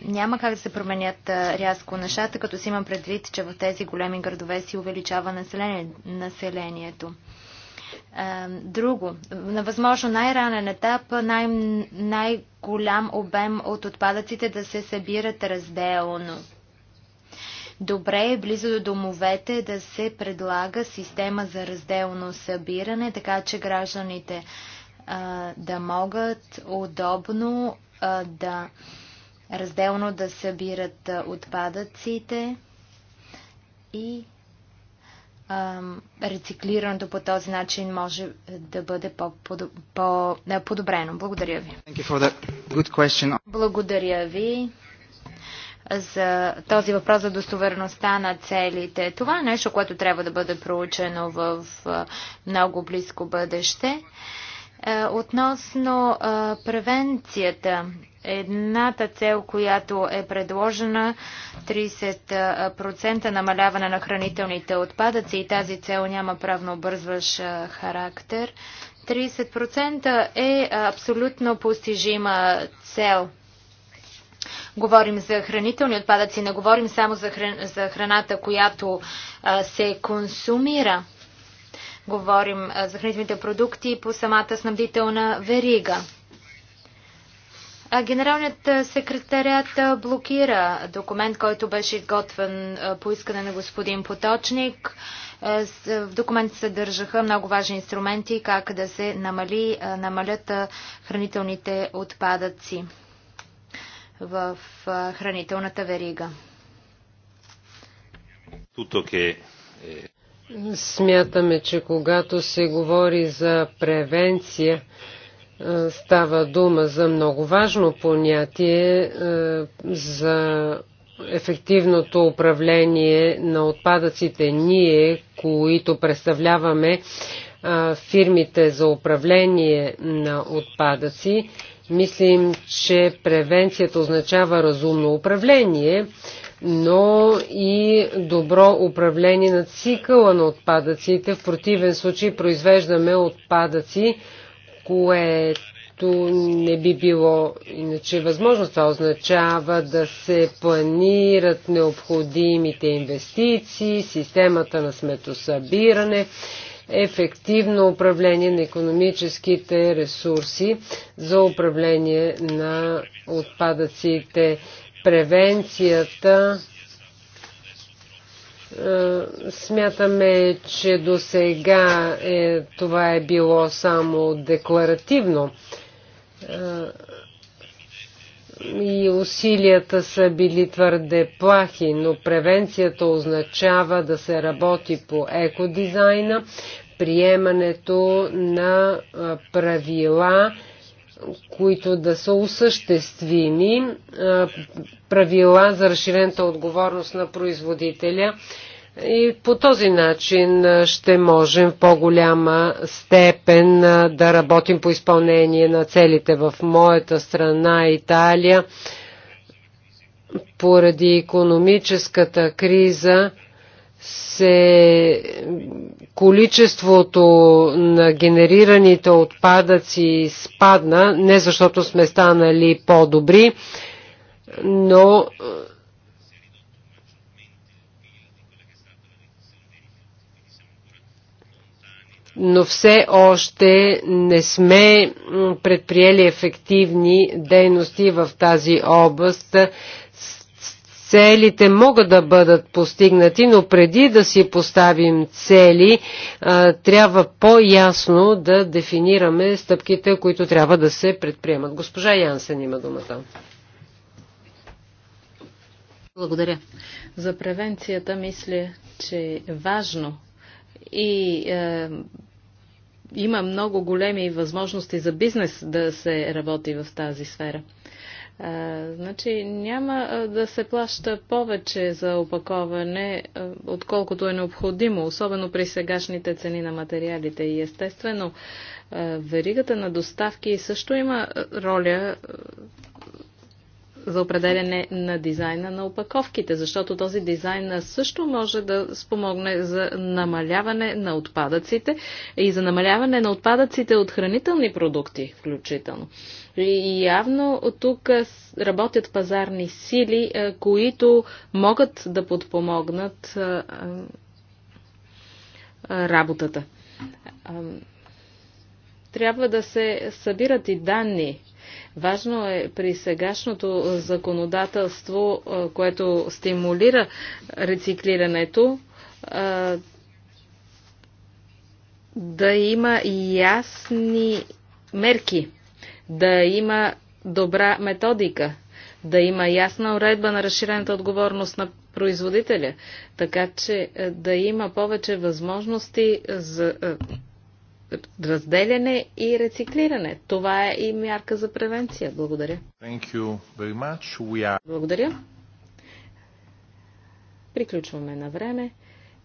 няма как да се променят рязко нещата, като си имам предвид, че в тези големи градове си увеличава население, населението. Е, друго, на възможно най-ранен етап най- най-голям обем от отпадъците да се събират разделно. Добре е близо до домовете да се предлага система за разделно събиране, така че гражданите да могат удобно да разделно да събират отпадъците и рециклирането по този начин може да бъде по-подобрено. Благодаря ви. Благодаря ви за този въпрос за достоверността на целите. Това е нещо, което трябва да бъде проучено в много близко бъдеще. Е, относно е, превенцията, едната цел, която е предложена, 30% намаляване на хранителните отпадъци и тази цел няма правно обързващ е, характер. 30% е абсолютно постижима цел. Говорим за хранителни отпадъци, не говорим само за, хран, за храната, която се консумира говорим за хранителните продукти по самата снабдителна верига. Генералният секретарят блокира документ, който беше изготвен по искане на господин Поточник. В документите съдържаха много важни инструменти как да се намали, намалят хранителните отпадъци в хранителната верига. Tutto che eh, Смятаме, че когато се говори за превенция, става дума за много важно понятие за ефективното управление на отпадъците. Ние, които представляваме фирмите за управление на отпадъци, мислим, че превенцията означава разумно управление но и добро управление на цикъла на отпадъците. В противен случай произвеждаме отпадъци, което не би било иначе възможно. Това означава да се планират необходимите инвестиции, системата на сметосъбиране, ефективно управление на економическите ресурси за управление на отпадъците превенцията. Е, смятаме, че до сега е, това е било само декларативно е, и усилията са били твърде плахи, но превенцията означава да се работи по екодизайна, приемането на е, правила, които да са осъществими, правила за разширената отговорност на производителя и по този начин ще можем в по-голяма степен да работим по изпълнение на целите в моята страна Италия. Поради економическата криза се количеството на генерираните отпадъци спадна, не защото сме станали по-добри, но но все още не сме предприели ефективни дейности в тази област целите могат да бъдат постигнати, но преди да си поставим цели, трябва по-ясно да дефинираме стъпките, които трябва да се предприемат. Госпожа Янсен има думата. Благодаря. За превенцията мисля, че е важно и е, има много големи възможности за бизнес да се работи в тази сфера. Значи няма да се плаща повече за опаковане, отколкото е необходимо, особено при сегашните цени на материалите. И естествено, веригата на доставки също има роля за определене на дизайна на опаковките, защото този дизайн също може да спомогне за намаляване на отпадъците и за намаляване на отпадъците от хранителни продукти включително. И явно тук работят пазарни сили, е, които могат да подпомогнат е, е, работата. Трябва да се събират и данни Важно е при сегашното законодателство, което стимулира рециклирането, да има ясни мерки да има добра методика, да има ясна уредба на разширената отговорност на производителя, така че е, да има повече възможности за е, разделяне и рециклиране. Това е и мярка за превенция. Благодаря. Thank you very much. We are... Благодаря. Приключваме на време.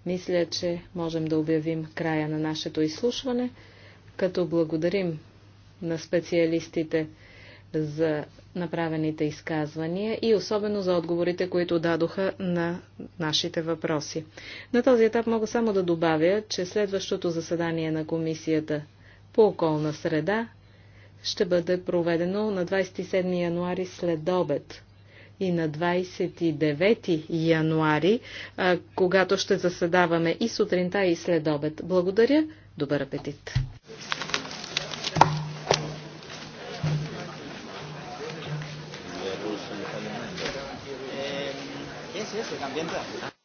Мисля, че можем да обявим края на нашето изслушване, като благодарим на специалистите за направените изказвания и особено за отговорите, които дадоха на нашите въпроси. На този етап мога само да добавя, че следващото заседание на Комисията по околна среда ще бъде проведено на 27 януари след обед и на 29 януари, когато ще заседаваме и сутринта, и след обед. Благодаря, добър апетит! cambiando.